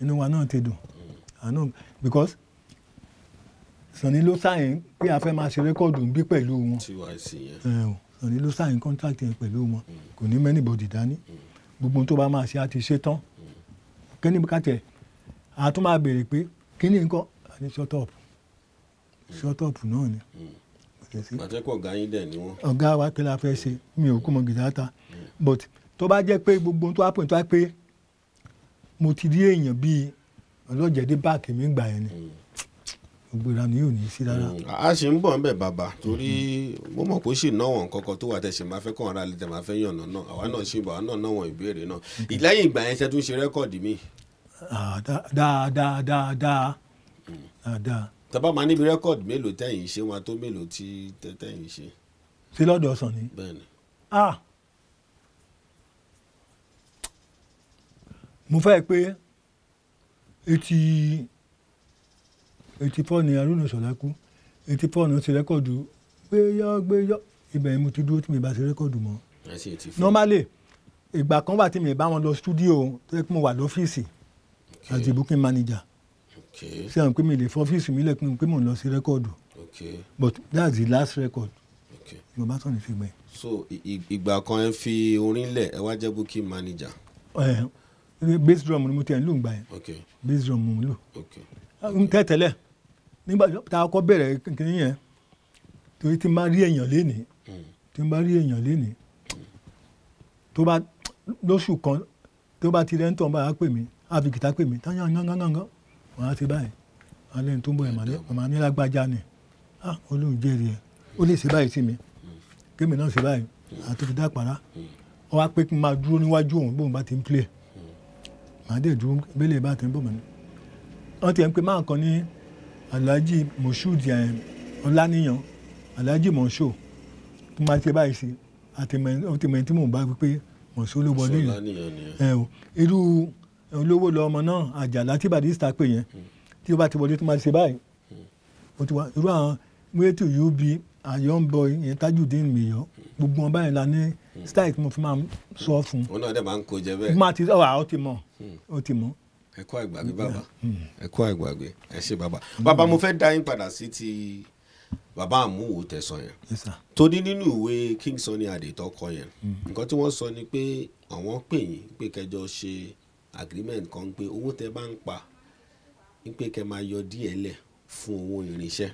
inú wa náà ti dùn àná because Sànni ló sáyẹn pé a fẹ́ máa ṣe rẹ́kọ̀dù ń bí pẹ̀lú wọn. tiwa sí yẹn òní ló sign contract yẹn pẹ̀lú wọn kò ní mẹ́nìbọ̀dì dání gbogbo tó bá máa ṣe á ti ṣe tán kíní kàtẹ́ a tún máa béèrè pé kíní nǹkan àní shut up shut up náà ni.
pàtẹ́kọ̀ ọ̀gá yín dẹ̀ ni wọ́n.
ọ̀gá wa kí la fẹ́ ṣe mi ò kú mọ gìdá ta but tó bá jẹ́ pé gbogbo tó wá pè tó wá pé mo ti rí èèyàn bíi ọlọ́jẹ̀dẹ́ báàkì mi gbà yẹn ni. Mm gbogbo ìranù yóò ní í sí rárá. Mm,
a ṣe ń bọ̀ ń bẹ̀ bàbá torí mm-hmm. mo mọ̀ pé ó ṣì náwọn kankan tó wà tẹ̀sí máa fẹ́ kàn ara lẹ́tẹ̀ máa fẹ́ yànnà náà àwa náà ṣe bọ̀ àwa náà náwọn ìbéèrè náà ìlẹ́yìn mm-hmm. ìgbà yẹn ṣe tún ṣe rẹ́kọ̀dì mi.
dáadáa dáadáa dáadáa. Mm.
tàbá máa níbi rẹ́kọ̀dì mélòó tẹ̀yìn ṣe wọn tó mélòó tí
tẹ̀yìn ṣe. ṣé lọ́dọ̀ ọ̀sán ni. bẹ́ẹ̀ni. mo eighty four ni Haruna Ìṣọ̀lá kú eighty four ni ó ti rẹ́kọ̀dù gbéyọ́ gbéyọ́ ibẹ̀ ni mo ti dúró tí mi bá ti rẹ́kọ̀dù mọ́. normally ìgbà kan wà tí mi bá wọn lọ studio tó yẹ kí mo wà lọ́fíìsì as the booking manager ṣé àwọn pé mi lè fọ ọ́fíìsì mi lẹ́kùn pé mò ń lọ sí rẹ́kọ̀dù but that's the last record mo bá tọ̀ ní fi gbẹ.
so ìgbà kan ẹ fi orin lẹ̀ ẹ wá jẹ́ booking manager.
ẹ bass drum ni mo ti ẹ̀ ń lò ń gbà yẹn bass drum mo ń lò n tẹ́ tẹ́lẹ̀ nígbà tá a kọ́ bẹ̀rẹ̀ kíni yẹn torí tí n bá rí èèyàn lénìí tí n bá rí èèyàn lénìí tó bá lóṣù kan tó bá ti rẹ́ ń tàn báyà pè mí àfi gìtá pè mí táyà gángangán wọn á ti báyìí alẹ́ ní tó ń bọ̀ ẹ̀ màá ní lágbájá ni ah olóhùn jẹ́rìí ẹ̀ ó lè ṣe báyìí sí mi kémi náà ṣe báyìí àti fi dápàrà ọ wá pé kí n máa dúró níwájú òun bóun bá ti ń play màá dẹ̀ dúró bẹ́lẹ̀ bá ti ń bọ̀ mọ́ ni wọ́n ti ẹ̀ ń pe máa kàn ní alhaji moshood ọláníyàn eh, alhaji monsho tó máa ṣe báyìí sí àtìmẹ̀yìn tí mò ń bá wípé monsho ló wọlé yẹn eh, irú olówó lọ ọmọ náà àjàlá tí Barrister pè yẹn hmm. tí ó bá ti wọlé tó máa ṣe báyìí hmm. ó ti wá irú àwọn wéètì ub àyọ̀ǹbọ yẹn Tajudeen mìíyọ́ hmm. gbogbo wọn báyìí la ní style tí mo fi máa sọ fún un. òun náà dẹ̀ máa ń kó jẹ bẹ́ẹ̀. ó ti mọ̀ ó ti mọ̀ ẹ kú àgbàgbé bàbá
hmm.
ẹ kú àgbàgbé ẹ ṣe bàbá bàbá mo hmm. fẹ́ dá yín padà sí ti bàbá àmúwò tẹ̀sán yẹn torí nínú ìwé King Sunny Adé tó kọ yẹn hmm. nǹkan tí wọ́n sọ ni pé àwọn pè yín pé kẹjọ ṣe agreement kan pé owó tẹ bá ń pa ń pé kẹ máa yọ díẹ̀ lẹ̀ fún owó irinṣẹ́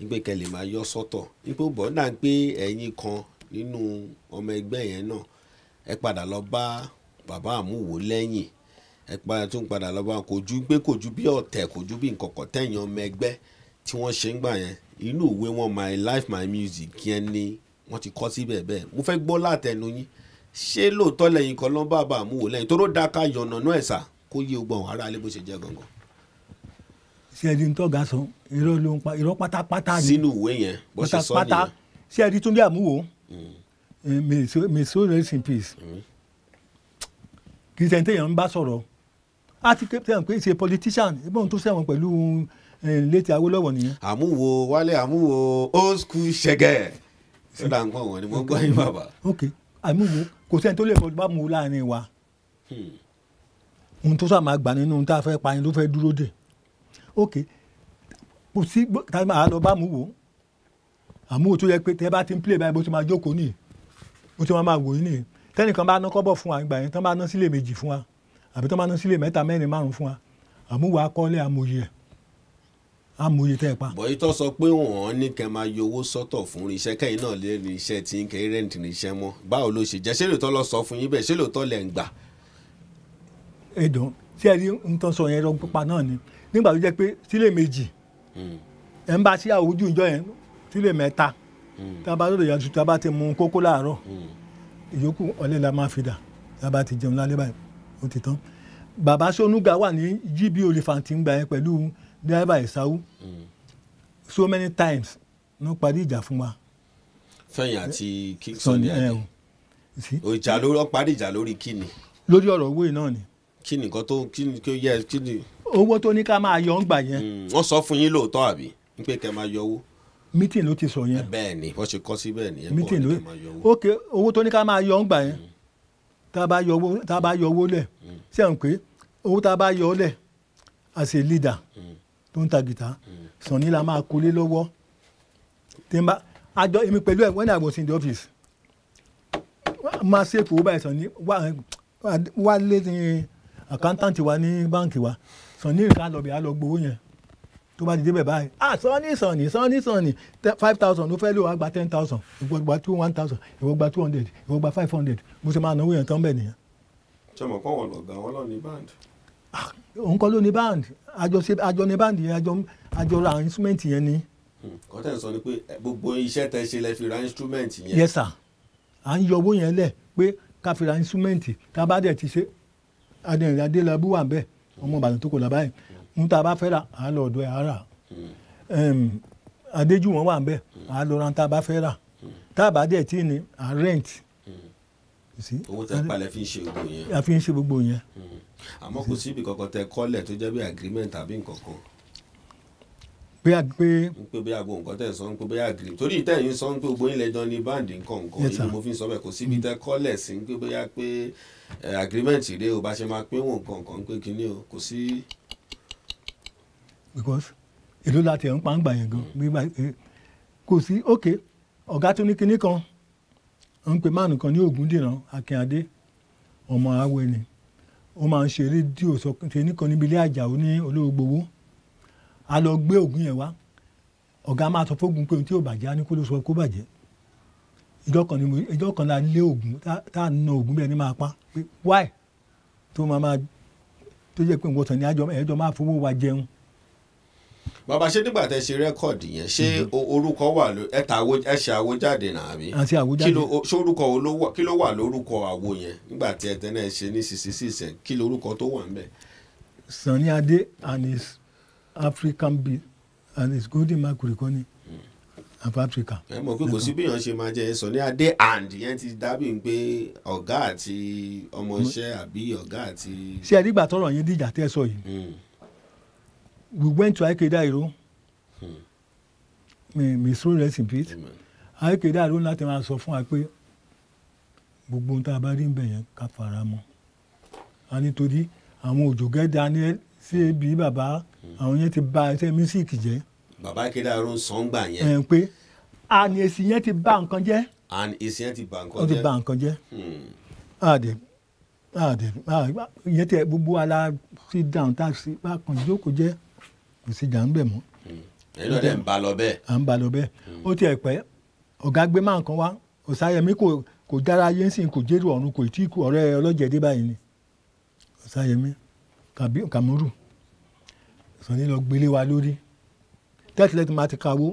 ń pé kẹ lè máa yọ sọ́tọ̀ ń pé bọ́dà ń pé ẹ̀yin kan nínú ọmọ ẹgbẹ́ yẹn náà ẹ padà lọ bá bàbá àmúwò lẹ́yìn ẹ padà tún padà lọ bá kò ju pé kò ju bí ọ̀tẹ̀ kò ju bí nkankan tẹ̀yàn ọmọ tí wọ́n ṣe ń gbà yẹn inú ìwé wọn my life my music yẹn ni wọ́n ti kọ́ síbẹ̀ bẹ́ẹ̀ mo fẹ́ gbọ́ látẹnu yín ṣé lóòótọ́ lẹ́yìn kan lọ́n bàbá àmúwò lẹ́yìn tó ló dá ká yànnà náà ẹ̀sà kó yé gbọ̀n ara lé bó ṣe jẹ́ gangan.
ṣé ẹni sọ irọ́ ló ń pa irọ́ pátápátá ni sínú
ìwé yẹn bó ṣe sọ
nìyẹn ṣé ẹni àmúwò mm. eh, may rest in peace mm. kì í ń bá sọ̀rọ̀ a ti sẹ́wọ̀n pé ṣe politician ìbọn tó sẹ́wọ̀n pẹ̀lú létí Awólọ́wọ̀ nìyẹn. àmúwo wálé àmúwo old school ṣẹgẹ sílá ń pọ̀ wọ́n ni mo gbọ́ yín bàbá. ok àmúwo kò sẹ́ni tó lè fọ́ bá mu láàrin wa hmm. ohun tó sá máa gbà nínú ohun tá a fẹ́ pa ni ló fẹ́ dúró dè ok kò sí tàbí màá lọ bá mú wò àmúwò tó yẹ pé tẹ bá ti ń play báyìí bó ti máa jókòó nìyí bó ti máa máa wò yín nìyí tẹ́nìkan bá ná kọ́bọ̀ fún wa ìgbà yẹn tán bá ná sílé méjì fún wa àbí tó máa ná sílé mẹ́ta mẹ́rin márùn fún wa àmúwò akọ́lé amòye ẹ̀ amòye tẹ́ ẹ pa.
bọ̀ itọ́ sọ pé wọ́n ní kẹ́ máa yọ owó sọ́tọ̀ fún iṣẹ́ kẹ́yìn náà lé ní iṣẹ́ tí ń kẹ́ rẹ́ǹtì ní iṣẹ́ mọ́ báwo ló ṣe jẹ́ ṣé lóòótọ́ lọ sọ fún yín bẹ́ẹ̀ ṣé lóòótọ́ lẹ̀ ń gbà.
ẹ dùn sí ẹ rí nǹkan sọ yẹn rọgbọ́n pa náà ni nígbà tó jẹ́ pé sílé méjì hmm. ẹ̀ ń bá sí àwùjọ ìjọ yẹn sílé mẹ́ta hmm. tá a bá lóde yàtúntà bá ti mú kókó láàárọ̀ hmm. ìyókù ọ̀lẹ́ la máa fi dà tá a bá ti jẹun lálẹ́ báyìí ó ti tán bàbá sonuga wà ní gb olùfàǹtì ngbà yẹn pẹ̀lú dírẹ́bà ìsáwú so many times ló parí ìjà fún wa.
fẹ̀yìn àti king sunday adé ìjà ló rọ parí ìjà lórí kíni.
lórí ọ̀rọ̀ owó náà ni.
kíni kan tó kíni kí ó yẹ kíni.
owó tó ní ká máa yọ ń gbà yẹn. Mm,
wọ́n sọ fún yín lóòótọ́ àbí pé kẹ́ máa yọ owó
meeting ló ti sọ yẹn.
bẹ́ẹ̀ ni ṣe kọ sí bẹ́ẹ̀ ni.
meeting ló ok owó tó ní ká máa yọ ń gbà yẹn tá a bá yọ owó tá a bá yọ owó lẹ̀ sí à ń pé owó tá a bá yọ lẹ̀ as a leader tó ń ta guitar Sunny la máa kólé lọ́wọ́ tí n bá àjọ èmi pẹ̀lú ẹ̀ when I was in the office máa ṣe fowó báyìí Sunny wá lé ní àkántàntì wa ní báǹkì wa Sunny nǹkan lọ́bẹ̀ a lọ gbowó yẹn tó bá ti débẹ̀ báyìí ah sanni sanni sanni sanni five thousand ló fẹ́ lò wá gba ten thousand ìwọ gba two one thousand ìwọ gba two hundred ìwọ gba five hundred bó ṣe máa náwó yẹn tán bẹ́ẹ̀ nìyẹn.
sọmọ kọ́ wọn lọ̀gá wọn lọ ní band.
Ah, òun kọ́ ló ní band àjọ ní band yẹn àjọ ra instrument yẹn ni.
Hmm, kọ́tẹ́ sọ ni pé eh, gbogbo iṣẹ́ tẹ ṣe lẹ fi ra instrument yẹn. yes sir
à ń yọ owó yẹn lẹ̀ pé ká fi ra instrument tá a bá dẹ̀ ti ṣe adẹ̀rìn adélábù wà bẹ́ẹ̀ ọmọ ìbàdàn tó kò lábáyé ń ta bá fẹ́ rà á lọ ọ̀dọ̀ ẹ̀ á rà adéjúwọ̀n wà ń á lọ ra ń ta bá fẹ́ rà tá a bá dẹ̀ tí ni à ń rent.
owó tẹ palẹ̀ fi ń ṣe gbogbo yẹn. a fi ń ṣe gbogbo yẹn. àmọ́ kò síbi kankan tẹ kọ́lẹ̀ tó jẹ́ bí agreement tàbí nǹkan kan
pé a pé. n
pé bóyá gbogbo nǹkan tẹ̀ sọ ń pé bóyá agree torí ìtẹ̀yìn sọ ń pé gbogbo ilẹ̀ jọ ni báǹdì nǹkan nǹkan yìí ni mo fi ń sọ bẹ́ẹ̀ kò síbi tẹ́ kọ́lẹ̀ sí ń pé bóyá pé eh, agreement rèé o bá ṣe máa pín wọn nǹkan nǹkan pé kínní o kò sí
because èló láti ẹ̀ ń pa ń gbà yẹn gan kò sí ok ọ̀gá tó ní kinní kan ń pe máàlù kan ní Ògúndìná Akínadé ọmọ àwẹ ni ó máa ń ṣe rédíò sọ pé nìkan níbi ilé àjàó ní olóògbowó a lọ gbé ògùn yẹn wá ọ̀gá máa sọ fógun pé ohun tí ò bàjẹ́ á ní kó ló sọ kó bàjẹ́ ìjọ kan ni mo ìjọ kan la lé ògùn tá a na ògùn bẹ́ẹ̀ ni máa pa pé why tó máa máa tó jẹ́ pé nǹkan sàn ní àjọ máa fowó wa jẹun
bàbá ṣé nígbà tẹ ṣe rẹ́kọ̀dì yẹn ṣé mhm. orúkọ wà ló ẹ ta ẹ ṣe àwòjáde nàbí àti àwòjáde ṣé orúkọ wo ló wà kí ló wà lórúkọ àwo yẹn nígbà tí ẹ tẹ́lẹ̀ ṣe ní sixty six ẹ̀ kí lórúkọ tó wà ńbẹ̀.
Sunny Adé and his African beat and his golden mercury kọ́ni
hmm. of Africa. ẹ mọ̀ pé kò sí bí yàn ṣe máa jẹ Sunny Adé and yẹn ti dábì pé ọ̀gá àti ọmọọṣẹ́ àbí ọ̀gá àti. ṣé ẹ
nígbà tọrọ yẹn dìjà tẹ́ sọ yìí hmm we went to Aike Dairo hmm. may rest in peace Aike Dairo láti máa sọ fún wa pé gbogbo ohun tá a bá rí ń bẹ̀ yẹn ká fara mọ́ a nítorí àwọn òjògẹ́ Daniel ṣé bí hmm. bàbá hmm. àwọn yẹn ti bà ẹsẹ̀ mísíkì jẹ́.
bàbá Aike Dairo sọ́ngbà yẹn. ẹ̀
pé àní èsì yẹn ti bà nǹkan jẹ́.
àní èsì yẹn ti bà nǹkan jẹ́. ó ti bà nǹkan jẹ́.
àdè àdè àdè yẹn tẹ gbogbo ala sí dáhùn tá a sì bá kàn jókòó jẹ́ kò sí jà ń bẹ̀ mọ́. ẹ̀yin náà dẹ̀ ń ba lọ bẹ́ẹ̀. à ń ba lọ bẹ́ẹ̀ hmm. ó tiẹ̀ pẹ́ ọ̀gá gbé máa kan wá ọ̀sáyẹmí kò kò dára yé sìn kò jẹ́rù ọ̀run kò tí kú ọ̀rẹ́ ọlọ́jẹ̀dé báyìí ni ọ̀sáyẹmí kàmúrù sọ̀ni lọ gbélé wa lórí tẹ́tìlẹ́tì máa ti kawó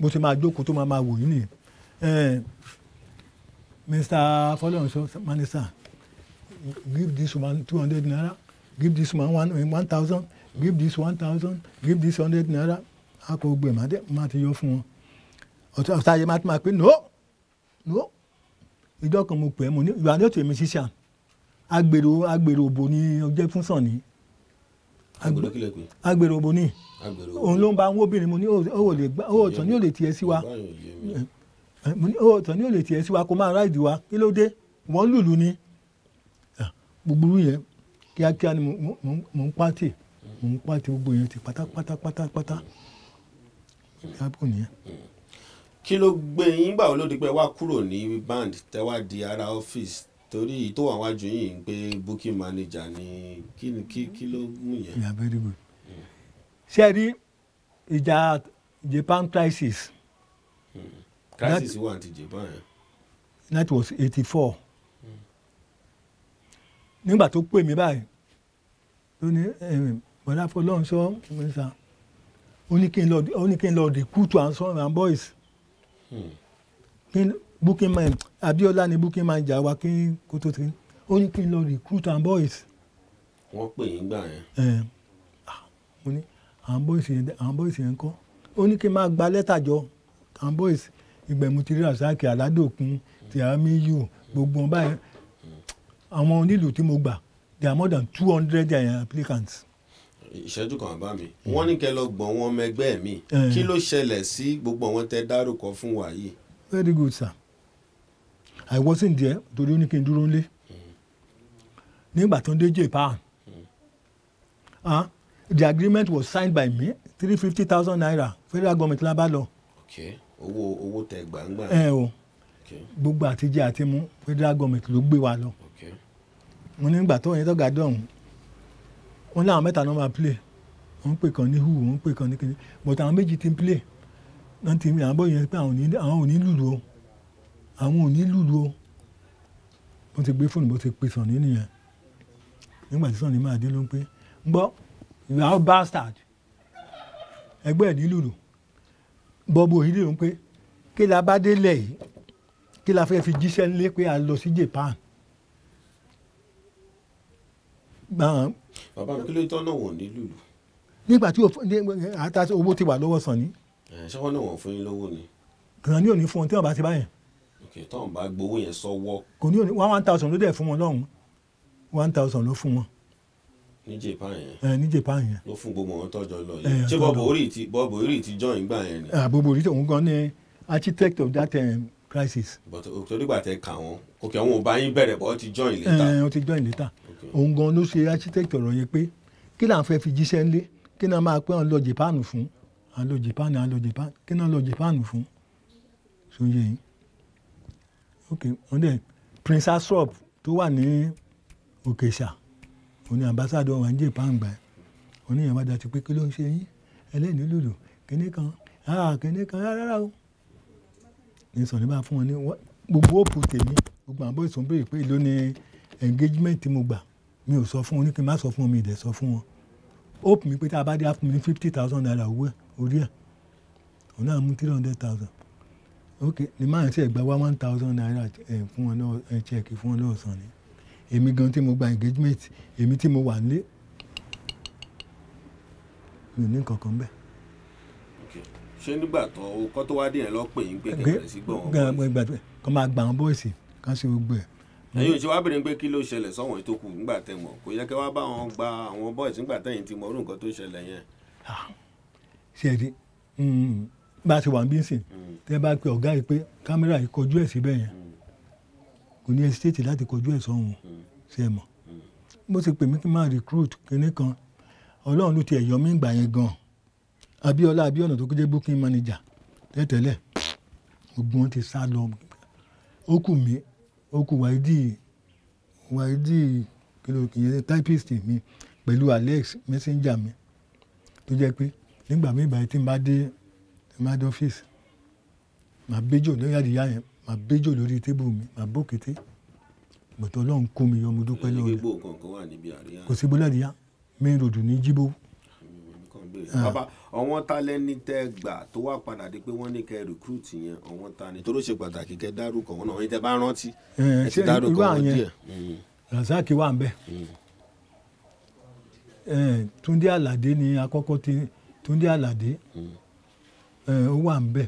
mo ti máa jókòó tó máa máa wò yín nìyẹn Mr. Fọlọ́runṣọ́ minister give this woman two hundred naira give this woman one thousand give this one thousand give this hundred naira a kò gbé màá dé màá ti yọ fún wọn ọ̀tá ọ̀tá ayé máa ti máa pé no no ìjọ kan mo pè é mo ní ìwà ni ó tẹ̀ mí ṣíṣà agbèrò agbèrò òbò ni ọjẹ́ fún sàn ni agbèrò òbò ni òun ló ń ba àwọn obìnrin mo ní òòtàn ni ó lè tiẹ̀ sí wa òòtàn ni ó lè tiẹ̀ sí wa kó máa ráìdì wa kí ló dé wọ́n lùlù ni gbogbo yẹn kíákíá ni mo ń pàtì òun pàtẹ gbogbo èèyàn ti pátápátá pátápátá ìyàbò nìyẹn.
kí ló gbé yín gbà olódi pé wá kúrò ní band tẹ́wá di ara ọ́fíìsì torí tó wà wájú yìí ń pé booking manager ni kí ló mú yẹn.
ìyá very good ṣe rí ìjà Japan crisis. Hmm. crisis
wà ní Japan
that was eighty four nígbà tó pè mí báyìí ló ní bọ̀dá fọlọ́run sọ mẹ́sà ó ní kí n lọ recruit and son and boys
hmm.
booking man Abiola ni booking man jà wá kí kó tó ti ó ní kí n lọ recruit and boys.
wọ́n pè é gbà
yẹn. Ah, mo ní àwọn boys yẹn àwọn boys yẹn ń kọ́ ó ní kí n máa gba lẹ́tà jọ àwọn boys ìgbẹ̀mú ti rí rasaki aládòkun ti amiyu gbogbo ọba yẹn hmm. àwọn onílù tí mo gbà there are more than two hundred eh, applicants
ìṣẹ́jú kan àbá mi hmm. wọ́n ní kẹ́ lọ gbọ̀n wọn ọmọ mi eh. kí ló ṣẹlẹ̀ sí gbogbo àwọn tẹ dárúkọ fún wa yìí.
very good sir i wasn't there torí ó ní kí n dúró nílé hmm. nígbà tó ń dé japan hmm. ah the agreement was signed by me three fifty thousand naira federal government la bá lọ.
owó owó tẹ gbàǹgbà. ẹ eh, o
gbogbo àtijọ́ àti mú federal government ló gbé wa lọ. mo ní ìgbà tó yẹn tó ga dọ̀hún wọ́n láwọn mẹ́ta náà máa play wọ́n pè kan ní hu wọ́n pè kan ní kíní but àwọn méjì ti ń play náà ti àwọn bọ́ yẹn pé àwọn ò ní lùlù o àwọn ò ní lùlù o mo ti gbé fóònù mo ti pe Sànní nìyẹn nígbà tí Sànní máa dé ló ń pé ń gbọ́ you are bastard ẹgbẹ́ ẹ̀ ní lùlù bọ́ọ̀bù òyìnbó ń pé kí la bá délẹ̀ yìí kí la fẹ́ fi jíṣẹ́ nílé pé a lọ sí Japan bàbá
mi kí ló tán náà wọ̀ nílùú.
nígbà tí àtàtì owó ti wà lọ́wọ́ Sanni.
ṣé wọ́n náà wọ̀ fún yín lówó ni.
gan ni ò ní fún wọn tí wọn bá ti bá yẹn.
ok tọ́hún bá gbowó yẹn sọ́wọ́.
kò ní òní one thousand ló dẹ̀ fún wọn lọ́hùn one thousand ló fún wọn.
ní Japan yẹn. ní Japan yẹn. ló fún gbogbo wọn tọ́jọ́ lọ yẹn. ṣé bọ́ọ̀bù orí ti bọ́ọ̀bù orí ti join gbà yẹn ni. àbúrò orí
tòun gan ni architect of that um, crisis.
but torí gbà tẹ kà wọn òkè àwọn ò bá yín bẹ̀rẹ̀ bọ́ ti join later. ẹ ọ ti join later
òun gan ló ṣe architect ọ̀rọ̀ yẹn pé kí là ń fẹ́ fi jíṣẹ́ ńlé kí náà máa pẹ́ à ń lọ Japan fún à ń lọ Japan à ń lọ Japan kí náà lọ Japan fún sóye yìí ok wọ́n dẹ̀ Prince Asrop tó wà ní Òkèṣà òun ni ambassadọ wa ní Japan gbà ẹ́ òun ni ìyàwó àti pé kí ló ń ṣe yín ẹlẹ́ni lùlù kíní kan ah kíní kan rárá o ní sọ̀rọ̀ bá fún wọn ní gbogbo òpù tèmi gbogbo àbọ̀ ìsọ̀nbẹ̀rẹ̀ pé ìlú ni engagement tí mo gbà mi ò sọ fún wọn ní kí n má sọ fún wọn mi ì dẹ̀ sọ fún wọn hope mi pé tá a bá dé á fún mi ní fifty thousand naira owó ẹ̀ orí ẹ̀ òun náà mú three hundred thousand ok ni máa ń ṣe gba wá one thousand naira fún wọn náà ẹ̀ check fún wọn lọ́sàn-án ni èmi gan tí mo gba engagement èmi tí mo wà nílé mi ò ní kankan bẹ́ẹ̀
ṣé nígbà tó kọ́ tó wá dé yẹn lọ́pẹ̀ yín gbé kẹ̀kẹ́ sí gbọ̀n
kọ́ máa gbà wọn bọ́ọ̀sì kán ṣe gbogbo ẹ̀ ẹ̀yin hmm. ò
ṣe wá bèrè pé kí ló ṣẹlẹ̀ sọ́wọ́n tó kù nígbà tẹ mọ̀ kò yẹ kí wọ́n bá wọn gba àwọn boys nígbà tẹ̀yìn ti mọ orú nǹkan tó ṣẹlẹ̀ yẹn.
ṣe ni hmm. bá a ṣe wà ń bí sìn hmm. tẹ bá pe ọ̀gá yìí pé kámẹ́rà yìí kojú ẹ̀ síbẹ̀ yẹn kò ní ẹsítéètì láti kojú ẹ̀ sọ́hun ṣe mọ̀ bó ṣe pè mí kí n máa recruit kinní kan ọlọ́run ló ti ẹ̀yọ́ mi gbà yẹn gan Abíọ́lá Abíọ́nà tó kéde booking manager tẹ́tẹ́lẹ̀ gbogbo wọn ti sá lọ ó kù mí ó kú wáídì wáídì kìlókì yẹn typist mi pẹ̀lú alex messenger mi tó jẹ́ pé nígbà míì báyìí tí n bá dé n bá dé ọ́fíìsì màá béjò lórí àdìyá yẹn màá béjò lórí tébù mi màá bó kété bọ̀tọ̀ ọlọ́run kó mi yọ mo dúpẹ́ lọ́wọ́
rẹ̀ kò sí gbọ́dọ̀
àdìyá main road ní jíbó
gbé ah. bàbá àwọn tálẹ́ni tẹ́ gbà tó wá padà di pé wọ́n ní kẹ́ recruit yẹn àwọn ta ni torí ó ṣe pàtàkì kẹ́ dárúkọ wọn náà ìtẹ́ bá rántí eh, eh, ẹ ti dárúkọ wọn
díẹ̀. Mm. Razaki wà ń bẹ mm. eh, Túndé Àlàdé ni àkọ́kọ́ ti Túndé Àlàdé mm. ó wà ń bẹ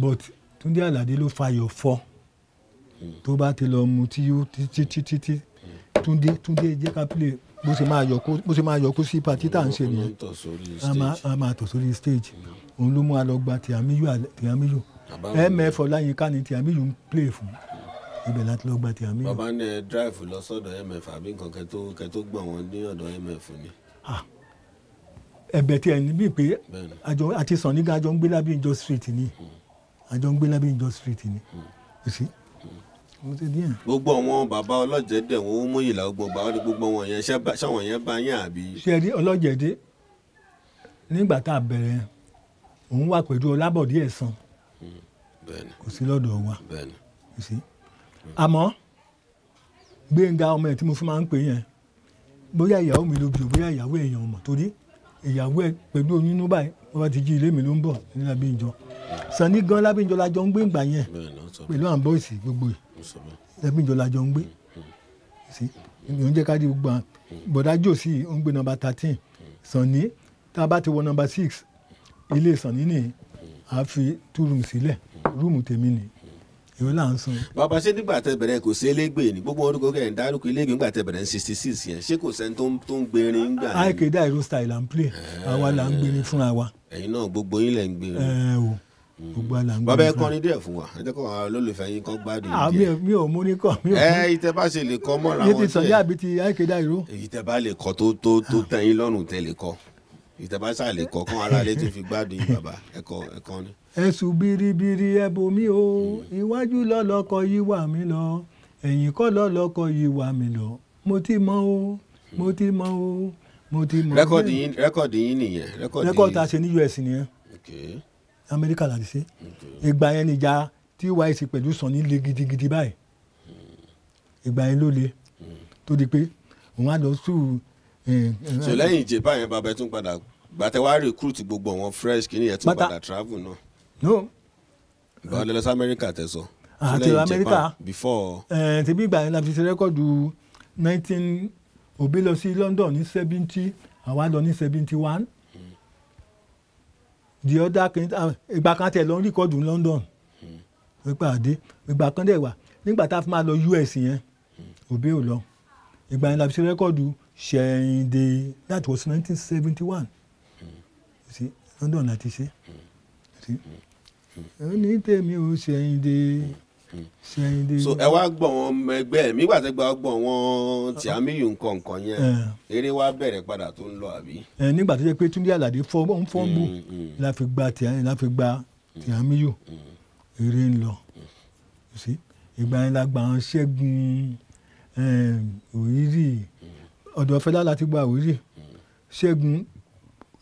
but Túndé Àlàdé ló fayọ̀ fọ́ tó bá ti lọ mu tí yóò títí títí Túndé Túndé jẹ́ ká pílẹ̀ bó ṣe máa yọkú bó ṣe máa yọkú sí patí tá à ń ṣe nìyẹn a máa tò sórí stage òun ló mú a lọ gba tìyàmíyù tìyàmíyù ẹ mẹ́fọ́ láyínká ni tìyàmíyù ń play fún ibẹ̀ láti lọ gba tìyàmíyù. bàbá
ní ẹ drive lọ sọ́dọ̀ mf àbí nǹkan kẹ́ tó gbọ̀n wọn ní ọ̀dọ̀ mf ni
ẹ̀bẹ̀ tí ẹ ní bíi pé àjọ àti sàn nígbà àjọ ń gbé lábí ìjọ street ni àjọ hmm. ń gbé lábí ìjọ street ni hmm
gbogbo àwọn bàbá ọlọ́jẹ̀dé wọn ó mọ̀yìnlá gbogbo àwọn gbogbo wọn yẹn ṣáwọn yẹn bá yín àbí. ṣé ẹ
rí ọlọ́jẹ̀dé nígbà tá a bẹ̀rẹ̀ òun wà pẹ̀lú ọlábọ̀dé ẹ̀sán
hmm,
kò sí lọ́dọ̀ wa kò sí. àmọ́ gbẹ̀ngà ọmọ ẹ̀ tí mo fi máa ń pè yẹn bóyá ìyàwó mi ló bí o bóyá ìyàwó èèyàn ọmọ torí ìyàwó ẹ pẹ̀lú oyún inú báyìí wọ́n bá ti jí ilé mi ló ń bọ̀ ní Lábẹ́njọ hmm. gan Lábẹ́njọ la jọ ń gbé ìgbà yẹn pẹ̀lú àǹbọ̀ọ̀sì gbogbo yìí ẹ̀mí ìjọ la jọ ń gbé ìyẹn jẹ́ ká di gbogbo àwọn bọ̀dá jòsí ó ń gbé nọmba thirteen sànni tá a bá ti wọ nọmba six ilé sànni nìyí a fi two room sílẹ̀ rúùmù tèmi ni èwe là ń san.
bàbá ṣé nígbà tẹ bẹ̀rẹ̀ kò sí elégbè ní gbogbo orúkọ kẹrin dárúkọ elégbè nígbà tẹ bẹ̀rẹ̀ sixty six yẹn ṣé kò sẹ́ni tó ń gbèrin nígbà yẹn. àìkédà
ìró style and play àwa là ń gbèrin fúnra wa.
ẹ̀yin náà gbogbo yín lẹ ń gbèrin. ẹ o gbogbo àlàngbò bàbá ẹ kọrin díẹ̀ fún wa ẹ jẹ́ kó àwọn olólùfẹ́ yín kọ́ gbádùn ah, díẹ̀. mi ò mú ní kọ mi ò mú. ẹ ìtẹ bá ṣe lè kọ mọ́ra wọn tẹ. ní ti
àbí ti ayíkéda ìró.
ìtẹ bá lè kọ tó tó tó tẹ́ yín lọ́rùn tẹ lè kọ ìtẹ bá ṣà lè kọ kán ara lè tún fi gbádùn yín bàbá ẹ kọ ẹ kọ ni.
ẹ̀sùn biribiri ẹ̀bù o hmm. iwájú lọ́lọ́kọ yìí wà mí lọ ẹ̀yìn kọ́ lọ́lọ́kọ yìí wà mí lọ mo ti mọ o mo ti mọ o mo ti mọ. rẹ́kọ̀dì yín nìyẹn rẹ́kọ̀dì ta ṣe ní us nìyẹn. okay amẹ́ríkà láti ṣe ìgbà yẹn nìjà tí YC pẹ̀lú Sanni le gidigidi báyìí ìgbà yẹn ló le tó di pé òun á lọ sùn. so lẹ́yìn
ìjẹba yẹn bàbá ẹ tún padà gbàtẹ́ wàá recruit gbogbo àwọn fresh kìíní ẹ tún padà travel náà. no. ìgbà ọ̀lẹ́lẹ́ sí amẹ́ríkà tẹ sọ.
àti amẹ́ríkà before. ẹ̀ tẹ̀bí ìgbà yẹn la fi ṣe rẹ́kọ̀dù nineteen òbí lọ sí London ní seventy àwa lọ ní seventy one the other kind ìgbà kan tẹ̀ lọ ń rìkọ́dù ní London ìpàdé ìgbà kan dẹ̀ wà nígbà tá a fi máa lọ US yẹn òbí ò lọ ìgbà yẹn la fi ṣe rẹ́kọ́dù ṣẹ̀yìndé that was nineteen seventy one sí London la ti ṣe ní tèmi ò ṣẹ̀yìndé. Mm. so ẹ
wá gbọ̀n wọn ọmọ ẹgbẹ́ mi gbà tẹ́ gba gbọ̀n wọn tí a mi yùn kọ̀ọ̀kan yẹn eh. eré wa bẹ̀rẹ̀ padà tó ń lọ àbí. ẹ eh,
nígbà tó yẹ pé Túndé Àlàdé fọ ń fọ gbó mm, mm. la fi gba tí a fi gba tí a mi yò eré ń lọ ìgbà yẹn la gbà wọn Ṣẹ́gun ehm, Òyìrì ọ̀dọ̀ Fẹlá la ti gba Òyìrì Ṣẹ́gun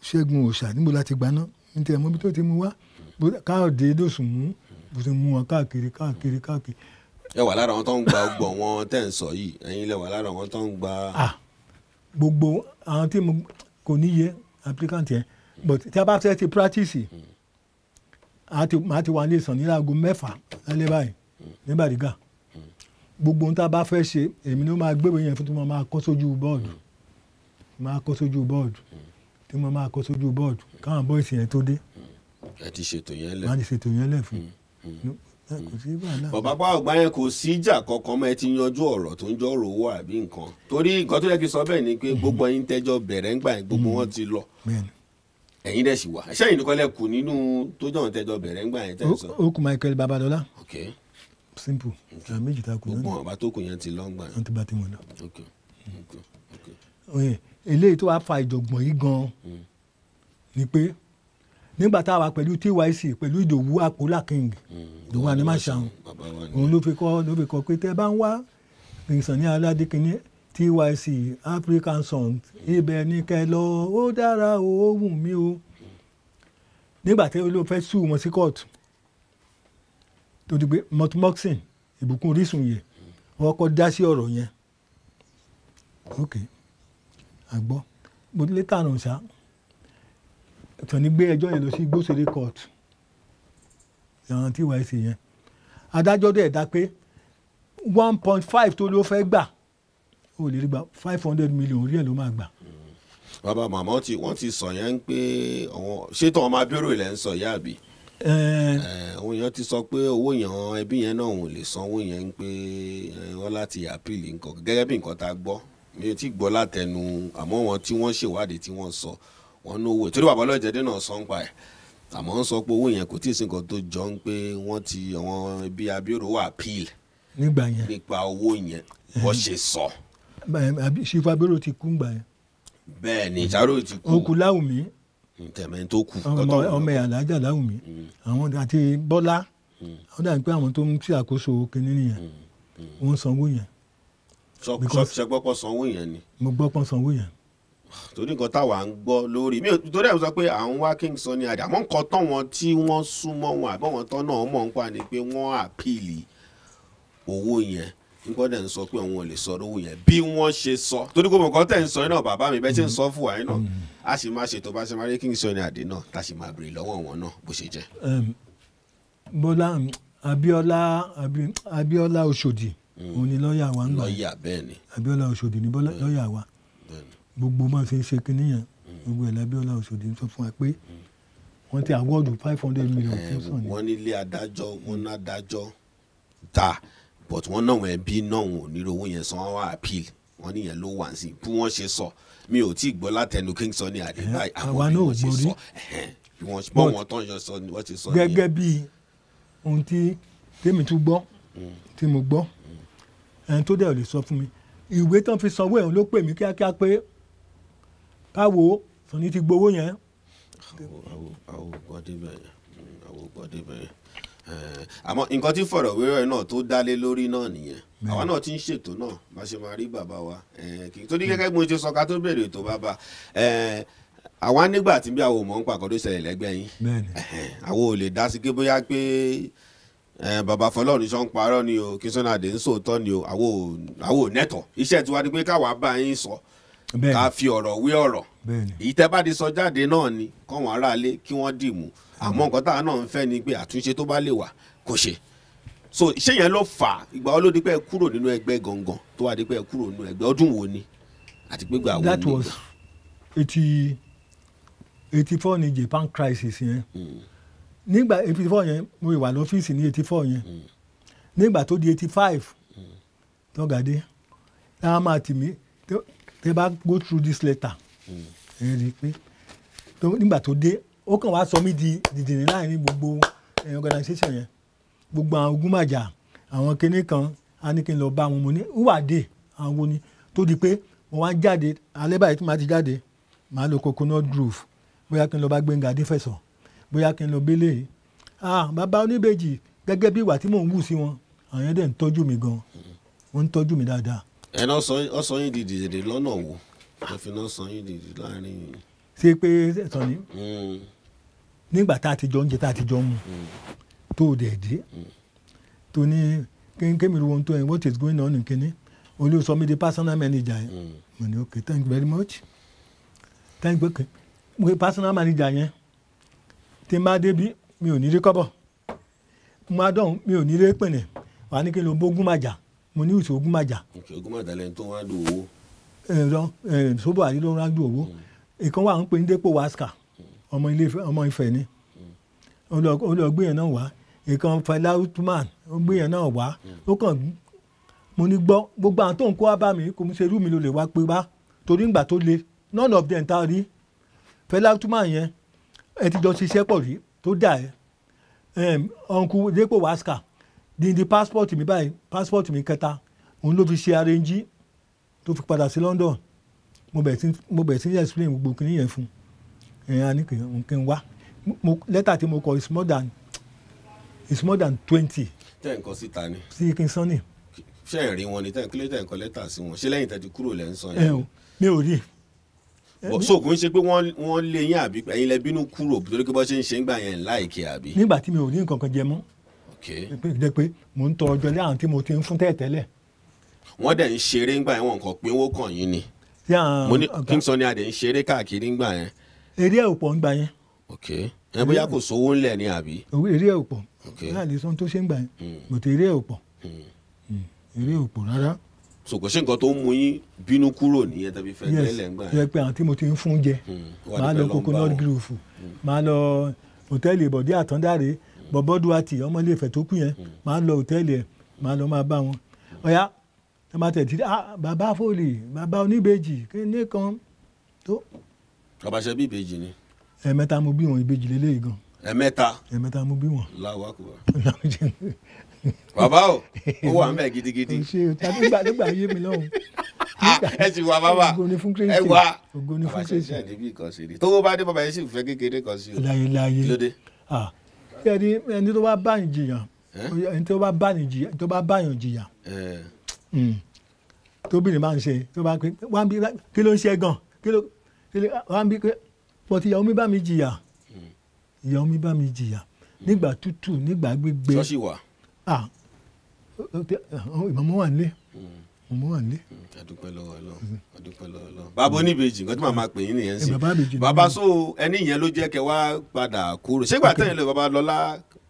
Ṣẹ́gun Òòṣà níbo la ti gba náà ní tẹ̀ mọ́bí tó ti mú wá káàdé lóṣù mú mo ti mú wọn káàkiri káàkiri káàkiri.
ẹ wà lára àwọn tó ń gba ọgbọ̀n wọn tẹ̀ ń sọ yìí ẹ̀yin lẹ wà lára àwọn tó ń gba.
gbogbo àwọn tí mo kò ní yẹ applicant yẹn but tí a bá fẹ́ ti practice màá ti wà ní ìsàn ní aago mẹ́fà lálẹ́ báyìí ní Bàdígà gbogbo ohun tá a bá fẹ́ ṣe èmi ló máa gbébọn yẹn fún tí mo máa kọ́ sójú bọ́ọ̀dù máa kọ́ sójú bọ́ọ̀dù tí mo máa kọ́ sójú bọ́ọ̀dù káwọn bọ́ọ̀sì yẹn tó dé.
ẹ ti ṣètò yẹn lẹ. máa ti ṣètò
yẹn lẹ fún mi.
Mm
bàbá pa ọgbà yẹn kò sí ìjà kankan mọ́ ẹ ti yanjú ọ̀rọ̀ tó ń jọ ọ̀rọ̀ owó àbí nǹkan torí nǹkan tó yẹ kí sọ bẹ́ẹ̀ ni pé mm-hmm. gbogbo ẹ̀yin tẹ́jọ́ bẹ̀rẹ̀ ńgbà yẹn gbogbo mm-hmm. wọn ti lọ ẹ̀yin dẹ̀ sì wà ṣẹ́yìn nìkan lẹ kù nínú tó jọ̀wọ́n tẹ́jọ́ bẹ̀rẹ̀ ńgbà yẹn tẹ́ sọ. ó
kù Michael Babalọlá simple àwọn méjì tá a kù náà gbogbo
ọba tó kù yẹn ti lọ́ngbà yẹn. wọ́n ti bá
ti wọn náà. eléyìí tó wàá fa ìjọ̀gbọ̀n yìí gan-an mm. ni pé nígbà tá a wà pẹ̀lú tyc pẹ̀lú ìdòwú àpòlà king hmm. ìdòwú animation òun ló fi kọ́ ló fi kọ́ pé tẹ́ bá ń wá ìsàn ní aládékiní tyc african song ibẹ̀ ní kẹlọ ó dára ó wù mí o nígbà tí ló fẹ́ sùn wọn sí court tó di pé motmoxin ìbùkún orísun yìí wọ́n kọ́ dá sí ọ̀rọ̀ yẹn ok àgbọ̀ mo lè tànà ṣáá kàn ní gbé ẹjọ́ yẹn lọ sí gbósèré court ìyàrá tí wàá ṣe yẹn adájọ́ dẹ̀ dá pé one point five tó ló fẹ́ gbà ó lè rí gba five hundred million orí ẹ̀ ló máa gbà.
bàbá màmá ti wọ́n ti sọ yẹn ń pé ṣé tí wọ́n máa bẹ̀rù ilẹ̀ ń sọ yá àbí. òun yẹn ti sọ pé owó yẹn ẹbí yẹn náà òun lè san owó yẹn ń pé wọ́n láti àpìlì nǹkan gẹ́gẹ́ bí nǹkan tá a gbọ́ mi ò tí gbọ́ látẹnu àmọ́ wọn tí wọ́n ṣèwádìí tí wọ́n sọ. So wọ́n ní owó ìtòrí bàbá ọlọ́jẹ̀dẹ́ náà sọ ń pa ẹ̀ àmọ́ ń sọ pé owó yẹn kò tí ì sí nǹkan tó jọ ń pé wọ́n ti àwọn ibi abiodun wà appeal nígbà yẹn nípa owó yẹn wọ́n ṣe sọ.
ṣèfà abiodun ti kú ngbà yẹn.
bẹ́ẹ̀ ni ìṣàrò ti kú. okùn láwùmí. tẹ̀mẹ́ tó kù. ọmọ ẹ̀ alájà láwùmí mm.
àwọn àti bọ́lá ó mm. dàbí pé àwọn tó ń ṣàkóso kinní nìyẹn mm. wọ́n sanwó yẹn.
sọ sọ ṣẹgbọ́pọ̀ sanwó yẹn ni.
mo gbọ́pọ̀ sanwó yẹn
torí nǹkan táwa ń gbọ́ lórí mi torí àwọn sọ pé à ń wá King Sunny Adé àmọ́ nǹkan tán wọn tí wọ́n súnmọ́ wọn àbọ̀ wọn tán náà mọ̀ ń pa ni pé wọ́n àpìlì owó yẹn nǹkan dẹ̀ ń sọ pé òun ò lè sọ owó yẹn bí wọ́n ṣe sọ torí gbogbo nǹkan tẹ̀ ń sọ náà bàbá mi bẹ́ẹ̀ ṣe ń sọ fún wa yín a sì máa ṣètò bá ṣe máa rí King Sunny Adé náà tá a sì máa béèrè lọ́wọ́ wọn náà bó ṣe jẹ́.
Bọ́lá Abíọ́lá Abíọ́lá Òṣòdì hmm. òun ni lọ́ọ̀yà wa ń gbà. lọ́ọ̀yà bẹ́ẹ̀ ni. Abíọ́lá Òṣòdì ni hmm. lọ́ọ̀yà wa gbogbo máa ṣe ń ṣe kinní yẹn gbogbo ẹ̀ lábíọ́lá Ọ̀ṣọ́dì ń sọ fún wa pé wọ́n ti awọ́ọ̀dù five hundred million fún eh,
wọn ní ilé adájọ́ wọn ní adájọ́ ta but wọ́n náà wọ́n ẹbí náà wọn ò ní owó yẹn san wá appeal wọ́n níyẹn ló wà sí bí wọ́n ṣe sọ mi ò tí ì gbọ́ látẹnu King Sunny Adé eh, báyìí àwọn ni wọ́n ṣe sọ bí wọ́n bọ́ wọn tán yọ sọ ni wọ́n ṣe sọ nìyẹn. gẹ́gẹ́ bí
ohun tí tèmi tún gbọ́ tí mo gbọ́ ẹni tó dẹ̀ ò lè sọ fún mi ìwé tán fi sanwó ẹ̀ ló pè mí kíákíá pé káwo Sàní ti gbowó yẹn.
àwo àwo àwo kọ́ débẹ̀ yẹn àwo kọ́ débẹ̀ yẹn àmọ́ nǹkan tí fọ̀rọ̀wérọ̀ náà tó dálé lórí náà nìyẹn àwa náà ti ń ṣètò náà bá ṣe máa rí bàbá wa kì í tó ní gẹ́gẹ́ bí mo ṣe sọ ká tó bèrè ètò bàbá àwa nígbà tí bí àwọn ò mọ̀ ń pàkọ́ tó ṣẹlẹ̀ lẹ́gbẹ́ yín àwọn ò lè dá sí pé bóyá pé bàbá fọlọ́run ṣan parọ́ ni o kí sọ́nà àdé ń sòótọ́ ni o àwọn ò nẹ́tọ̀ iṣẹ́ tiwa ni pé káwa bá yín sọ ká fi ọ̀rọ̀ wé ọ̀rọ̀ èyí tẹ́ bá ti sọ jáde náà ni kọ́wọn aráalé kí wọ́n dì àmọ́ nǹkan táwọn náà ń fẹ́ ni pé àtúnṣe tó bá lè wà kò ṣe so ṣé yẹn ló fà á ìgbà wo ló di pé ẹ kúrò nínú ẹgbẹ́ gangan tó wà di pé ẹ kúrò nínú ẹgbẹ́ ọdún wo ni àti pé gbà wo ni. that was
eighty eighty four ni Japan crisis yẹn hmm. nígbà eighty four yẹn mo wà lọ́fíìsì ní eighty four yẹn hmm. nígbà tó di eighty five hmm. tọ́gàdé táwọn máa tì mí tẹ bá go through this letter ẹ rí i pé nígbà tó dé ó kàn wá sọ mí di dìdìrín láàrin gbogbo eh, organisation yẹn gbogbo àwọn ogunmàjà àwọn kinní kan a ní kí n lọ bá wọn mo ní wúwà dé àwọn wo ni tó di pé mo wá jáde alẹ́ báyìí tí màá ti jáde màá lọ coconut grove bóyá kí n lọ bá Gbẹ́ngà Adéfẹ̀sọ̀ bóyá kí n lọ bélé yìí ah bàbá oníbejì gẹ́gẹ́ bí ìwà tí mò ń wù sí wọn àwọn yẹn dẹ̀ ń tọ́jú mi gan wọ́n ń tọ́jú mi dáadáa
ẹ náà sọ yín di dìde lọ́nà wo ẹ fi náà sọ yín dìde láàrin.
ṣé pé ẹ̀sán ni hmm. nígbà tá a ti jọ oúnjẹ tá a ti jọ mu hmm. tó o dẹ̀ dé hmm. tó ní kémi ru ohun tó yẹn what is going on nkíní olú sọ mi di personal manager yẹn mo ní ok thank you very much thank you okay mo personal manager yẹn tí n bá débi mi ò ní rí kọ́bọ̀ mo máa dọ̀hún mi ò ní rí pẹ̀lẹ́ wà á ní kí n lo bógún màjà mo ní ìṣòro gúnmàjà.
ìṣòro gúnmàjà lẹ́yìn tó wá dùn owó.
ẹ̀rọ ṣòbò àdé ló ń rá dùn owó hmm. ìkan wà ń pè ní dépò wáṣkà hmm. ọmọ ilé ọmọ Ifẹ̀ ni hmm. ó lọ gbé yẹn náà wá ìkan Fẹlá Utman ó gbé yẹn náà wá ó kàn mo ní gbọ́ gbogbo àwọn tó ń kó wá bá mi kò ń ṣerú mi ló lè wá pé wá torí ìgbà tó le none of them ta rí Fẹlá Utman yẹn ẹ ti jọ ṣiṣẹ́ pọ̀ rí tó dà ẹ ọ̀nkú dépò wáṣkà dìndín passport mi báyìí passport mi kẹta òun ló fi ṣe arrange tó fi padà sí London mo bẹ̀rẹ̀ sí ní explain gbogbo kìíní yẹn fún ẹ̀yìn àníkè kí n wá lẹ́tà tí mo kọ is more than is more than twenty.
tẹ́ ǹkan síta ni.
sí kí n sọ ni.
ṣé ẹ̀ rí wọn ni tẹ́ kílé tẹ́ ǹkan lẹ́tà sí wọn ṣé lẹ́yìn tẹ́ kúrò lẹ́ ń sọ yẹn. mi ò rí. so kò ń ṣe pé wọ́n lé yín àbí ẹ̀yin lẹ bínú kúrò torí pé bọ́ ṣe ń ṣe ń gbà yẹn láìkè àbí. nígbà
tí mi ò ní nǹkan kan jẹ mọ́ jẹ́ pé mò ń tọ ọjọ́ lé àwọn tí mo ti ń fún tẹ́ẹ̀tẹ́lẹ̀.
wọ́n dẹ̀ ń ṣeré ńgbà yẹn wọn kàn pínwó kàn yín ni mo ní King Sunny Adé ń ṣeré káàkiri ńgbà yẹn.
eré ẹ̀ ò pọ̀ ńgbà yẹn.
ok ẹ bóyá kò sówó ńlẹ̀ ni àbí.
eré ẹ̀ ò pọ̀ láàlè sọ́n tó ṣe ńgbà yẹn mo hmm. ti eré ẹ̀ ò pọ̀
hmm. Hmm.
eré ẹ̀ ò pọ̀ rárá.
sòkò ṣe nǹkan tó ń mú yín bínú kúrò nìyẹn tàbí fẹ́ tẹ́lẹ̀ ńgbà yẹn. yẹ pé
àwọn tí mo ti ń fún bọ̀bọ́ duwati ọmọ ilé Ifẹ̀ tó kù yẹn máa hmm. ń lọ òtẹ́ẹ̀lì ẹ̀ máa lọ máa bá wọn ọ̀yá ẹ máa tẹ̀sí ah bàbá fòlì bàbá oníbejì kíni kan tó. bàbá ṣe bí ìbejì ni. ẹ̀ẹ̀mẹ́ta mo bí wọn ìbejì lélẹ́yìí gan. ẹ̀ẹ̀mẹ́ta ẹ̀ẹ̀mẹ́ta mo bí wọn. làwa kò wá. bàbá o ó wà mẹ́ gidigidi. ṣe tàbí nígbà yé mi lọ́hùn ah,
ẹ ti wá bàbá ẹ wá ògo ni fún Kristi. bàbá ṣe ṣe àdébí kan sí tó bá dé bàbá yẹn sì fẹ́ kékeré kan sí
kẹ́ni ẹni tó bá báyìí jiyàn ẹni tó bá báyìí jiyàn tó bá báyìí jiyàn hmm. tóbìnrin máa ń ṣe tó bá pé wá ń bí kí ló ń ṣe gan kí ló wá bí pé pọ̀ tí ìyàwó mi bá mi jìyà hmm. ìyàwó mi bá mi jìyà hmm. nígbà tútù nígbà gbígbé. sọ́ọ̀ṣì wà. ah ìmọ̀mọ́ wà nílé mo wà nílé.
adúpẹ́ lọ́wọ́ ọlọ́run adúpẹ́ lọ́wọ́ ọlọ́run. bàbá oníbejì nǹkan tí màá máa pè yín nìyẹn sí. bàbá àbèjì bàbá so ẹni yẹn ló jẹ́ kẹ́ wá padà kúrò ṣé ìgbà tẹ̀yìn lọ bàbá lọ́lá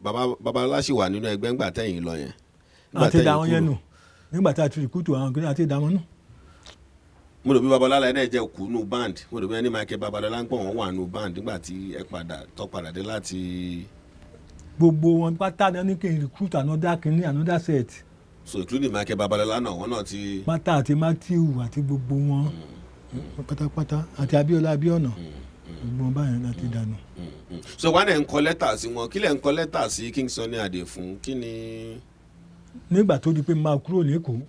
bàbá bàbá lọ́lá sì wà nínú ẹgbẹ́ ńgbà tẹ̀yìn lọ yẹn. àti dàwọn yẹn nù
nígbà tá a ti kú tó àwọn kìnìún àti dàwọn nù.
mo rò bí babalọ́lá ẹni jẹ́ kú nù band mo rò bí ẹni Michael Babalọ́lá ń pọ̀ wọ́n wà band nígbà tí ẹ padà tó padà dé láti.
gbogbo wọn pátá ní kí n recruit another kìnìún another set
so including Michael Babalọlá náà wọn náà ti. mata
àti matthew àti gbogbo wọn mm, mm. pátápátá àti Abíọ́lá Abíọ́nà mm, gbogbo báyìí láti dànù.
so wọn náà ń kọ lẹ́tà sí wọn kí lẹ̀ ń kọ lẹ́tà sí King Sunny Adé fún kí ni.
nígbà tó di pé máa kúrò lẹ́kọ̀ọ́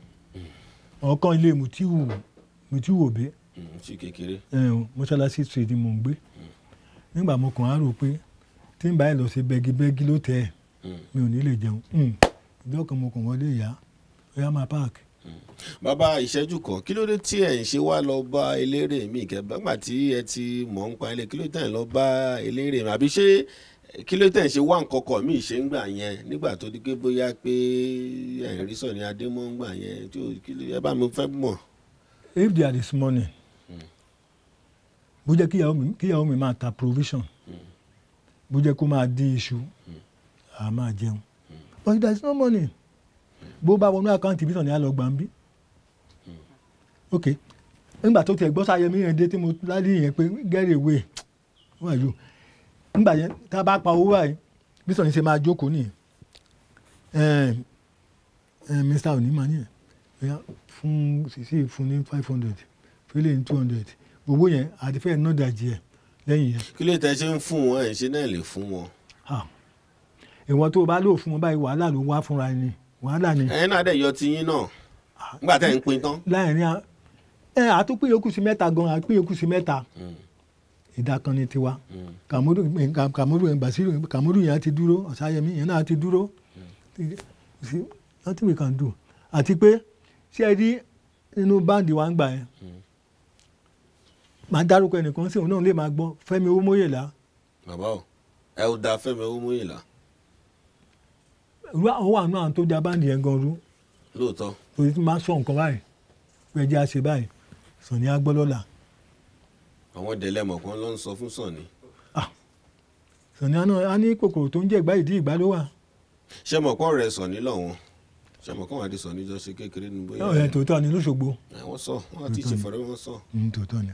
ọ̀kan ilé Mutiu Mutiu Obe. sí kékeré. mọ́ṣáláṣí street ni mò ń gbé nígbà mo kàn á rò pé tí n bá yẹn lọ sí bẹ́gibẹ́gi ló tẹ̀ mi ò ní lè jẹun ìjọ kan mo kàn wọlé ìyá royal park.
bàbá ìṣẹ́jú kan kí ló dé tí ẹ̀ ń ṣe wá lọ bá eléré mi ìkẹ́bà nígbà tí ẹ ti mọ̀ ń pa ilé kí ló dé tẹ̀ lọ bá eléré mi àbí ṣé kí ló tẹ̀ ń ṣe wá nǹkan kọ̀ mí ṣe ń gbà yẹn nígbà tó di pé bóyá pé ẹ̀rí sọ̀ni adémọ́ ń gbà yẹn tí ẹ bá mi fẹ́
mọ̀. if they are this morning bó jẹ́ kíyàwó mi máa ta provision bó jẹ́ kó máa dín iṣu àá máa jẹun but there is no money bó bá wọnú àkáǹtì bísàn ni a lọ ok nígbà tó tiẹ̀ gbọ́ sáyẹmí yẹn dé tí mo lálẹ́ yẹn pé get away wọ́n yóò nígbà yẹn tá a bá pa owó báyìí bísàn ni ṣe máa jókòó nìyẹn mr onímọ̀ nìyẹn fún sisi fún ní five hundred fílẹ̀ ní two hundred owó yẹn àti fẹ́ẹ̀ náà dàjì ẹ̀ lẹ́yìn yẹn.
kí ló tẹ ṣe ń fún wọn ẹ̀ ṣe náà lè fún wọn.
ìwọ̀n tó o bá lò fún wọn báyìí wàhálà ló wá fúnra ẹni wàhálà ni.
ẹ̀yin náà dẹ̀ yọ tiyín náà nígbà tẹ̀ ń pín tán.
láàrin ẹ àtúpín yòókù sí mẹ́ta gan àpín yòókù sí mẹ́ta hmm. ìdá kan ni tiwa hmm. kàmúrù kàmúrù bàṣírù kàmúrù yẹn ti dúró ọ̀sáyẹmí yẹn náà ti dúró hmm. nothing we can do àti pé ṣé ẹ rí nínú báǹdì wa ń gbà yẹn màá dárúkọ ẹnìkan sí òun náà lè máa gbọ́ Fẹ́mi Owómóyèlá.
bàbá o ẹ ò da Fẹ́mi Owómóyèlá
irú àwọn wà náà tó da báńdì yẹn gan rú. lóòótọ́. torí tí máa sọ nǹkan báyìí pé ẹjẹ́ á ṣe báyìí sàn ní agbọ́lọ́là.
àwọn dẹlẹmọ̀ kan ló ń sọ fún sàn ni.
sàn ní a ní kòkòrò tó ń jẹ́ ìgbà ìdí ìgbà ló wà.
ṣé mọ̀kọ́ rẹ̀ sàn ní lọ́wọ́ ṣé mọ̀kọ́ wà dé sàn ní jọ́sẹ̀ kékeré ní bóyá. ẹ tòótọ́ ni lóṣogbo. wọ́n sọ wọ́n àti ìṣèfọ̀rẹ́ wọn sọ. tòótọ́ ni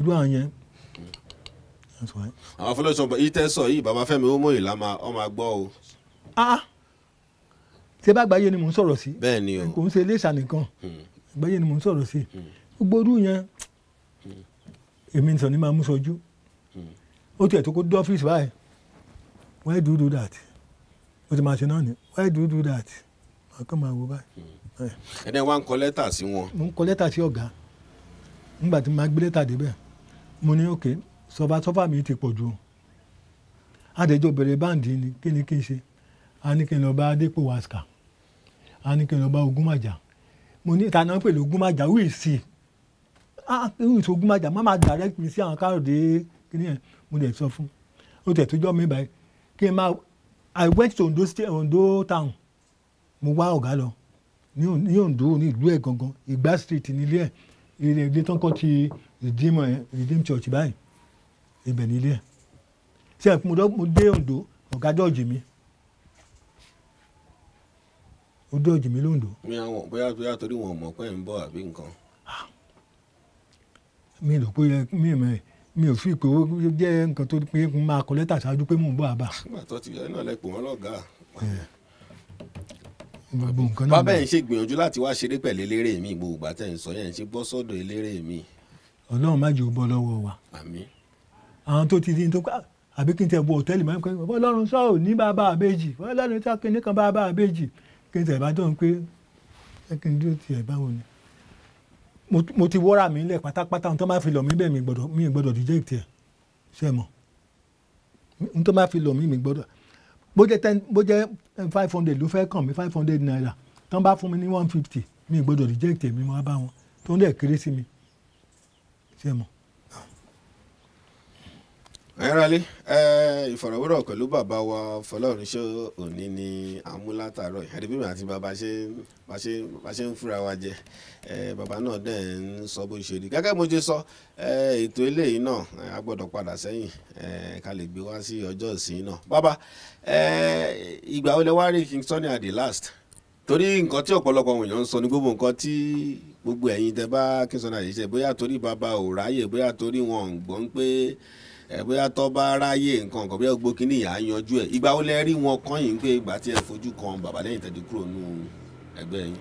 irú àwọn yẹn mm.
àwọn fọlọ́sọ̀ yìí tẹ́ sọ yìí bàbá Fẹ́mi ó mọ̀ ìlà ọmọ àgbọ̀ o.
ah, ah ṣé bá gbáyé ni mò ń sọ̀rọ̀ sí bẹ́ẹ̀ni o kò ń ṣe iléṣà nìkan hmm. gbáyé ni mò ń sọ̀rọ̀ sí hmm. gbogbo orú yẹn èmi nìsọ̀ ni máa mú sọjú hmm. ó tiẹ̀ tó kó dé ọ́fíìsì báyìí why do you do that o ti máa ṣe náà ni why do you do that màá kàn máa wo
báyìí. ẹ̀dá wa ń kọ lẹ́tà sí wọn.
mo ń kọ lẹ́tà sí ọ̀gá nígbà tí mo gbé lẹ́tà débẹ̀ mo ní òkè sọfà sọfà mi ti pọ̀ jù o bẹ̀rẹ̀ báǹdì ni kí ni kí n ṣe a ní kí n lọ bá adépò wàsíkà a ní kí n lọ bá Ògúnmàjà mo ní ìtaná pẹ̀lú Ògúnmàjà wíì sí i wíì sí Ògúnmàjà má máa direct mi sí àwọn Káyọ̀dé kìnìún yẹn mo dẹ̀ sọ fún ó tẹ̀ tó jọ́ mi báyìí kí n máa I went to Ondo state Ondo town mo wá ọ̀gá lọ ní Ondo ní ìlú ẹ̀ gangan Ìgbà street nílé ẹ̀ ilé ilé tán kọ́ ti Redeem Church báyìí ibẹ̀ nílé ẹ̀ ṣe é mo dé Ondo ọ̀gá jọ́ọ̀jì mi o dé ọ̀jì mi lóńdó.
bóyá bóyá torí wọn ò mọ̀ pé ń bọ̀ àbí nǹkan.
mi rò pé mi mẹ́ mi ò fi pé ó jẹ́ nǹkan tó pé n máa kọ lẹ́tà ṣáájú pé mò ń bọ̀ àbá.
nígbà tó ti yẹ náà lẹ pè wọ́n lọ́gàá. bábẹ́ ń ṣe gbìyànjú láti wá ṣeré pẹ̀lú eléré mi gbogbo ìgbà tẹ̀ ń sọ yẹn ń ṣe bọ́ sọ́dọ̀ eléré mi.
ọlọ́run má jẹ́ ó bọ́ lọ́wọ́ wa. àmín. àwọn tó ti di ní tó ká àbí kí n tẹ bọ òtẹ́ẹ̀lì máa ń pẹ́ ọlọ́run sọ́ọ̀ ní bàbá àbẹ́jì ọlọ́run sọ́ọ̀ kí n tẹ̀ bá dọ̀hún pé ẹ kí n dúró tiẹ̀ báwo ni mo ti wọ́ra mi lẹ̀ pátápátá ohun tó máa fi lọ̀ mí bẹ́ẹ̀ mi gbọ́dọ̀ mi gbọ́dọ̀ reject ẹ̀ ṣe mọ̀ ohun tó máa fi lọ̀ mí mi gbọ́dọ̀ bó jẹ́ ten bó jẹ́ five hundred ló fẹ́ kàn mí five hundred naira tó ń bá fún mi ní one fifty mi gbọ́dọ̀ reject ẹ̀ mi mo bá wọn tó ń dẹ̀ kéré sí mi ṣe mọ̀
ẹ̀rọ̀lẹ́ ìfọ̀rọ̀wérọ̀ pẹ̀lú bàbá wa fọlọ́runṣọ́ òní ni àmúlátàárọ̀ ẹ̀ẹ́dẹ́gbẹ̀rún àti bàbá ṣe ń fúnra wa jẹ bàbá náà dẹ̀ ń sọ bó ṣe rí gẹ́gẹ́ mo ṣe sọ ètò eléyìí náà a gbọ́dọ̀ padà sẹ́yìn ká lè gbé wá sí ọjọ́ ìsìn náà bàbá ìgbà wo lẹ wá rí King at the last torí nǹkan tí ọ̀pọ̀lọpọ̀ àwọn èèyàn ń sọ ní gbogbo nǹkan tí gbogbo ẹ̀yin tẹ bá King Sunny àyíṣe bóyá torí bàbá ò ráyè bóyá torí wọn ò gbọ́n pé ẹ bóyá tó bá ráyè nǹkan kan bóyá gbogbo kínní yà á yanjú ẹ ìgbà wo lẹ rí wọn kan yìí pé ìgbà tí ẹ fojú kan bàbá lẹ́yìn tẹ̀dí kúrò nù ẹgbẹ́ yín.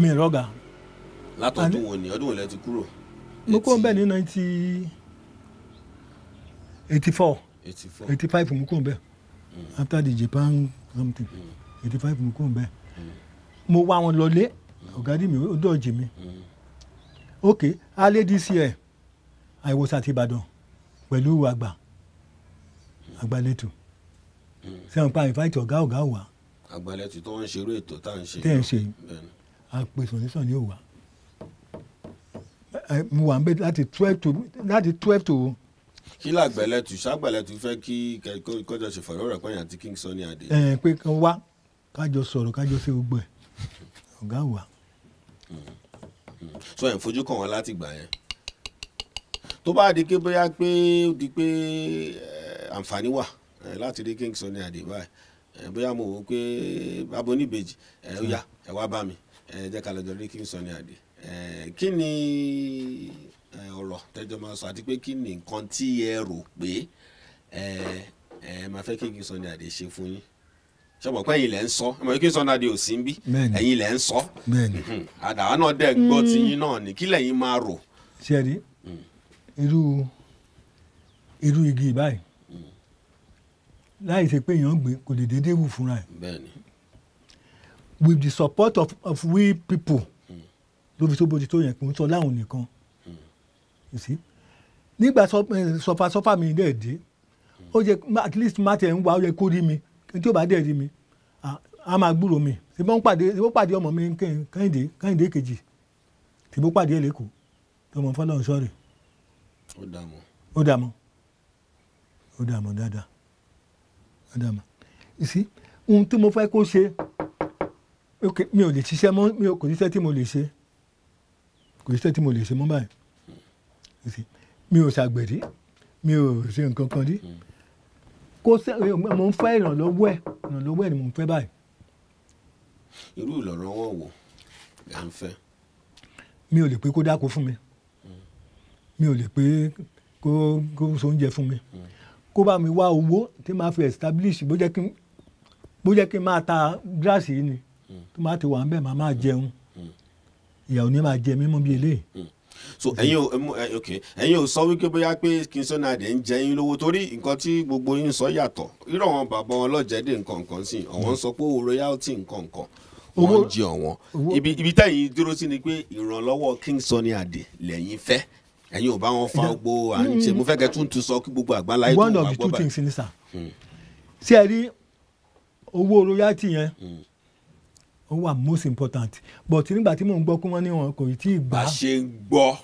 mi rọgà. látọ̀dún
wo ni ọdún wo lẹ ti kúrò.
mo kúrò bẹ́ẹ̀ ní nineteen eighty four eighty five mo kúrò bẹ́ẹ̀ hmm. after the Japan something hmm. eighty five mo kúrò bẹ́ẹ̀ hmm. mo wá wọn lọlé ọ̀gá dì mí ó dọ̀jì mi ok alẹ́ dcl àìwòsàn àti ìbàdàn pẹ̀lú àgbà àgbàlẹ́tù sẹ́wọ̀n pa ìfáìtì ọ̀gá ọ̀gá wà.
àgbàlẹ́tù tó ń ṣerú ètò tá à ń ṣe. tẹ́ ẹ̀ ṣe
àpèsàn sísàn ni ò wá mo wà ń bẹ láti twelve to láti twelve to.
kí làgbẹ̀lẹ̀tù ṣàgbẹ̀lẹ̀tù fẹ́ kí kọjọ ṣe fọ̀rọ̀ rẹ̀ pẹ̀yìn àti King Sunny Adé. ẹ
pé kan wá kájọ sọ̀rọ̀ kájọ ṣe gbogbo ẹ̀ ọ̀gá wà.
sọ yẹn fojú kàn wá láti gbà yẹn tó bá di pé bóyá pé ó di pé eh, àǹfààní wà eh, láti rí King Sunny Adé báyìí eh, bóyá mo wò ó pé bàbá oníbejì ẹ ó yá ẹ wá bá mi ẹ jẹ́ ká lọ́jọ́ rí King Sunny Adé kí ni ọ̀rọ̀ tẹ́jọ́ máa sọ àti pé kí ni nǹkan tí ẹ rò pé ẹ máa fẹ́ kí King Sunny Adé ṣe fún yín sọ̀bọ̀ pé ẹ̀yin lẹ̀ ń sọ ẹ̀mọ̀ kí Sunny Adé ò sí ń bí ẹ̀yin lẹ̀ ń sọ
hmm,
àdàwọn náà dẹ̀ gbọ́ tiyín hmm. náà ní kí lẹ̀yin máa rò. ṣe é rí hmm
irú irú igi báyìí mm. láì ṣe pé èèyàn gbìn kò lè déédéé wù fúnra ẹ̀ with the support of of we people mm. ló fi tó bójú tó yẹn kò ń sọ láwọn nìkan mm. nígbà eh, sọfà sọfà mi dẹ̀ dé ó yẹ at least má tẹ̀ ń wá ó yẹ kó rí mi tí ó bá dẹ̀ rí mi a máa gbúrò mi tí mo pàdé tí mo pàdé ọmọ mi kẹ́hìndé kẹ́hìndé kejì tí mo pàdé ẹ̀ lẹ́kọ̀ọ́ tí ọmọ fọlọ́run sọ́ọ̀rì ó dààmú. ó dààmú ó dààmú dáadáa ó dààmú ìsí ohun tí mo fẹ́ kó ṣe mi ò lè ṣiṣẹ́ mọ́ mi kò ṣiṣẹ́ tí mo lè ṣe kò ṣiṣẹ́ tí mo lè ṣe mọ́ báyìí ìsí mi ò ṣàgbẹ̀dí mi ò ṣe nǹkan kan rí kó ṣe mo ń fẹ́ ìrànlọ́wọ́ ẹ̀ ìrànlọ́wọ́ ẹ̀ ni mo ń fẹ́ báyìí.
irú ìrànlọ́wọ́ wo là ń fẹ́.
mi ò lè pé kó dáko fún mi mi ò lè pé kó kó so oúnjẹ fún mi kó bá mi wá owó tí màá fi establish bó jẹ́ kí bó jẹ́ kí n máa ta gíláàsì yìí ni tó máa ti wà ń bẹ̀ máa máa jẹun ìyàwó ni máa jẹ mímú bíi eléyìí
so ẹyin o ok ẹyin o sọ wípé bóyá pé kinson adé ń jẹ yín lówó torí nǹkan tí gbogbo yín sọ yàtọ̀ irọ́ wọn bàbá wọn lọ́jẹ̀dẹ̀ nǹkan kan sí ọ̀wọ́n sọ pé owó royalty nǹkan kan wọ́n ń ọ̀wọ́n ibi ibi táyìn dúró sí ni pé ìrànlọ́wọ́ kinson adé lẹ́yìn fẹ́ ẹ̀yin ò bá wọn fa gbó à ń ṣe mo fẹ́ kẹ́ tún sọ kí gbogbo àgbáńlá yìí tó wà gbọ́ báyìí. one of the two things ni sir mm.
ṣé ẹ rí owó royalty yẹn mm. ó wà most important but nígbà tí mò ń gbọ́ kí wọ́n ní wọn kò tí ì gbà. bá a
ṣe ń gbọ́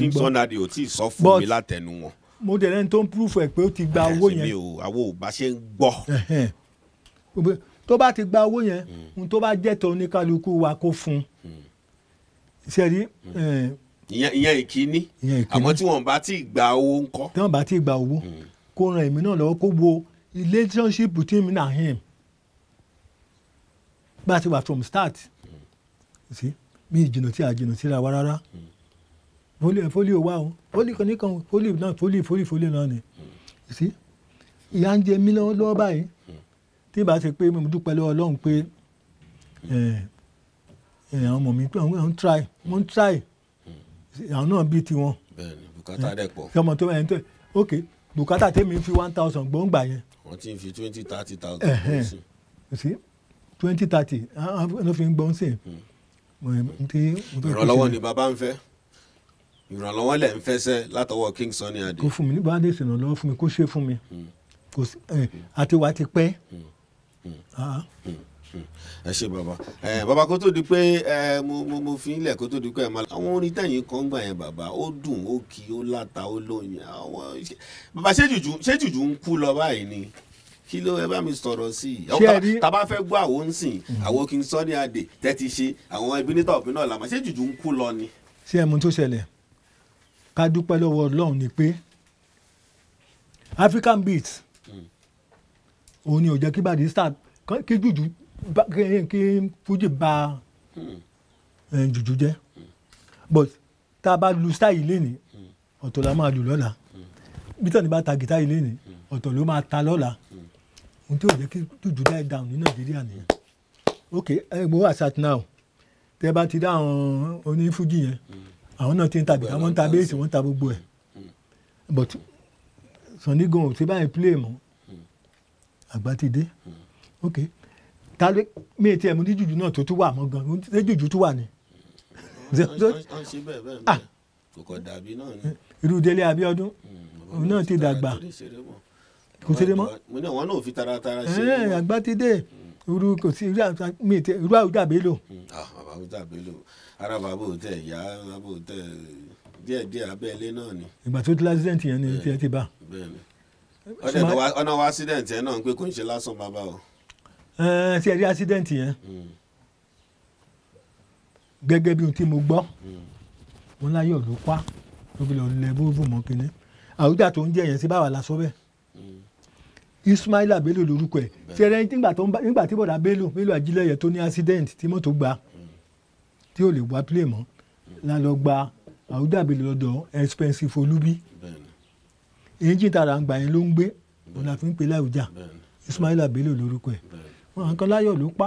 Kingston Dady ò tí ì sọ fún mi látẹnu wọn.
mo dẹ̀ lẹ́ni tó ń proof ẹ̀ pé ó ti gba owó yẹn. àwo ò bá ṣe ń gbọ́. tó bá ti gba owó yẹn mm. tó bá jẹ́ tó oníkálukú wa kó fún un. ṣe rí
ìyẹn ìkíní àmọ́ tí wọ́n bá ti gba
owó ńkọ́. tí wọ́n bá ti gba owó hmm. kó ran èmi náà lọ́wọ́ kó wo relationship between me and him bá a ti wà from start sí mi ìjìnà tí a jìnà síra wa rárá hmm. fólíò wà o fólíò kan nìkan fólíò náà fólíò fólíò fólíò náà ni hmm. sí ìyá ń jẹ mí lọ́wọ́ báyìí tí bá ṣe pé mo dúpẹ́ lọ́wọ́ Ọlọ́run pé eh, eh, àwọn ọmọ mi pé àwọn ń try wọ́n ń try àwọn náà bí tiwọn. bẹ́ẹ̀ni bùkátà dẹ̀ pọ̀. sọmọ tó ẹni tó ok bùkátà tèmi fi one thousand gbòǹgbà yẹn.
wọ́n ti fi twenty thirty thousand gbòǹgbà sí.
sí twenty thirty ló fi ń gbọ́n hmm. sí. ìrànlọ́wọ́ ni
bàbá ń fẹ́ ìrànlọ́wọ́ lẹ̀ ń fẹsẹ̀ látọwọ́ King Sunny Adé. kò fún
mi nígbà dé ìsìnàlọ́wọ́ fún mi kó ṣe fún mi hmm. àtiwá ti pẹ́.
Hmm. Ah ẹ ṣe bàbá ẹ bàbá kó tó di pé ẹ mo mo mo fi ilẹ̀ kó tó di pé ẹ máa àwọn orin tẹ̀yìn kan gbà yẹn bàbá ó dùn ó kì ó láta ó lóyún àwọn bàbá ṣé jùjú ṣé jùjú ń kú lọ báyìí ni kí ló ẹ bá mi sọ̀rọ̀ sí i ọkọ tàbá fẹ́ gbọ́ àwọn ń sìn mm-hmm. àwọn kì í sọ ní adè tẹ́tí ṣe àwọn ibi níta òfin náà làmọ́ ṣé jùjú ń kú lọ ni.
ṣé ẹ mú tó ṣẹlẹ̀ ká dúpẹ́ lọ́wọ́ Ọlọ́run ni pé African beats. Mm. òun ni ò jẹ́ kí Barrister kí jùjú kí fújì ba hmm. eh, jùjú jẹ́ but tá a bá lu style yìí lénìí hmm. ọ̀tọ̀ la máa lù lọ́la hmm. bítọ̀ ní bá ta gìtá yìí lénìí ọ̀tọ̀ ló máa ta lọ́la ohun tí ò jẹ́ kí jùjú dá ẹ̀ down ní nàìjíríà nìyẹn ok ẹ gbọ́ àṣàtì náà tẹ bá ti dá àwọn onífújì yẹn àwọn náà ti ń ta gìtá wọ́n ń ta béèsì wọ́n ń ta gbogbo ẹ̀ but Sunny Igboho ò ti báyìí play mọ́ àgbà ti dé ok. Mm ta ló mi ti ẹ̀ mú ní jùjú náà tó tún wà mọ́ gan ṣé jùjú tún wà ni. irú délé Abíọ́dún mm, òun náà ti dàgbà kò ṣeré mọ́.
mo ní àwọn náà ò fi taratara ṣe é. Eh,
àgbà ti dé mm. irú kò sí irú mi ti irú àwùjọ àbélò.
Mm, ah, bàbá àwùjọ àbélò ara bàbá òtẹ ìyá bàbá òtẹ díẹ̀ díẹ̀ abẹ́lé náà ni.
ìgbà tó ti lásìdẹ̀ǹt yẹn ni tiẹ̀ ti bá.
ọ̀nà wa accident yẹn
Eh, ṣe rí accident yẹn hmm. gẹ́gẹ́ bí ohun tí mo gbọ́ wọn hmm. láyọ̀ ló pa ló fi lọ lẹ bóbú mọ́ kínní àwùjá tó ń jẹ yẹn sí báwa la sọ bẹ́ẹ̀ hmm. Ismaila Bello lorúkọ ẹ̀ ṣe rẹ nígbà tí bọ̀dà Bello Bello Ajílẹ̀yẹ tó ní accident tí mọ́tò gbà tí ò lè wá play mọ́ la lọ gba àwùjá Bello lọ́dọ̀ expensive olúbí èyí jìntàrà ń gbà yẹn ló ń gbé òun la fi ń pe láwùjá Ismaila Bello lorúkọ ẹ̀ wọn àǹkan láyọ̀ ló pa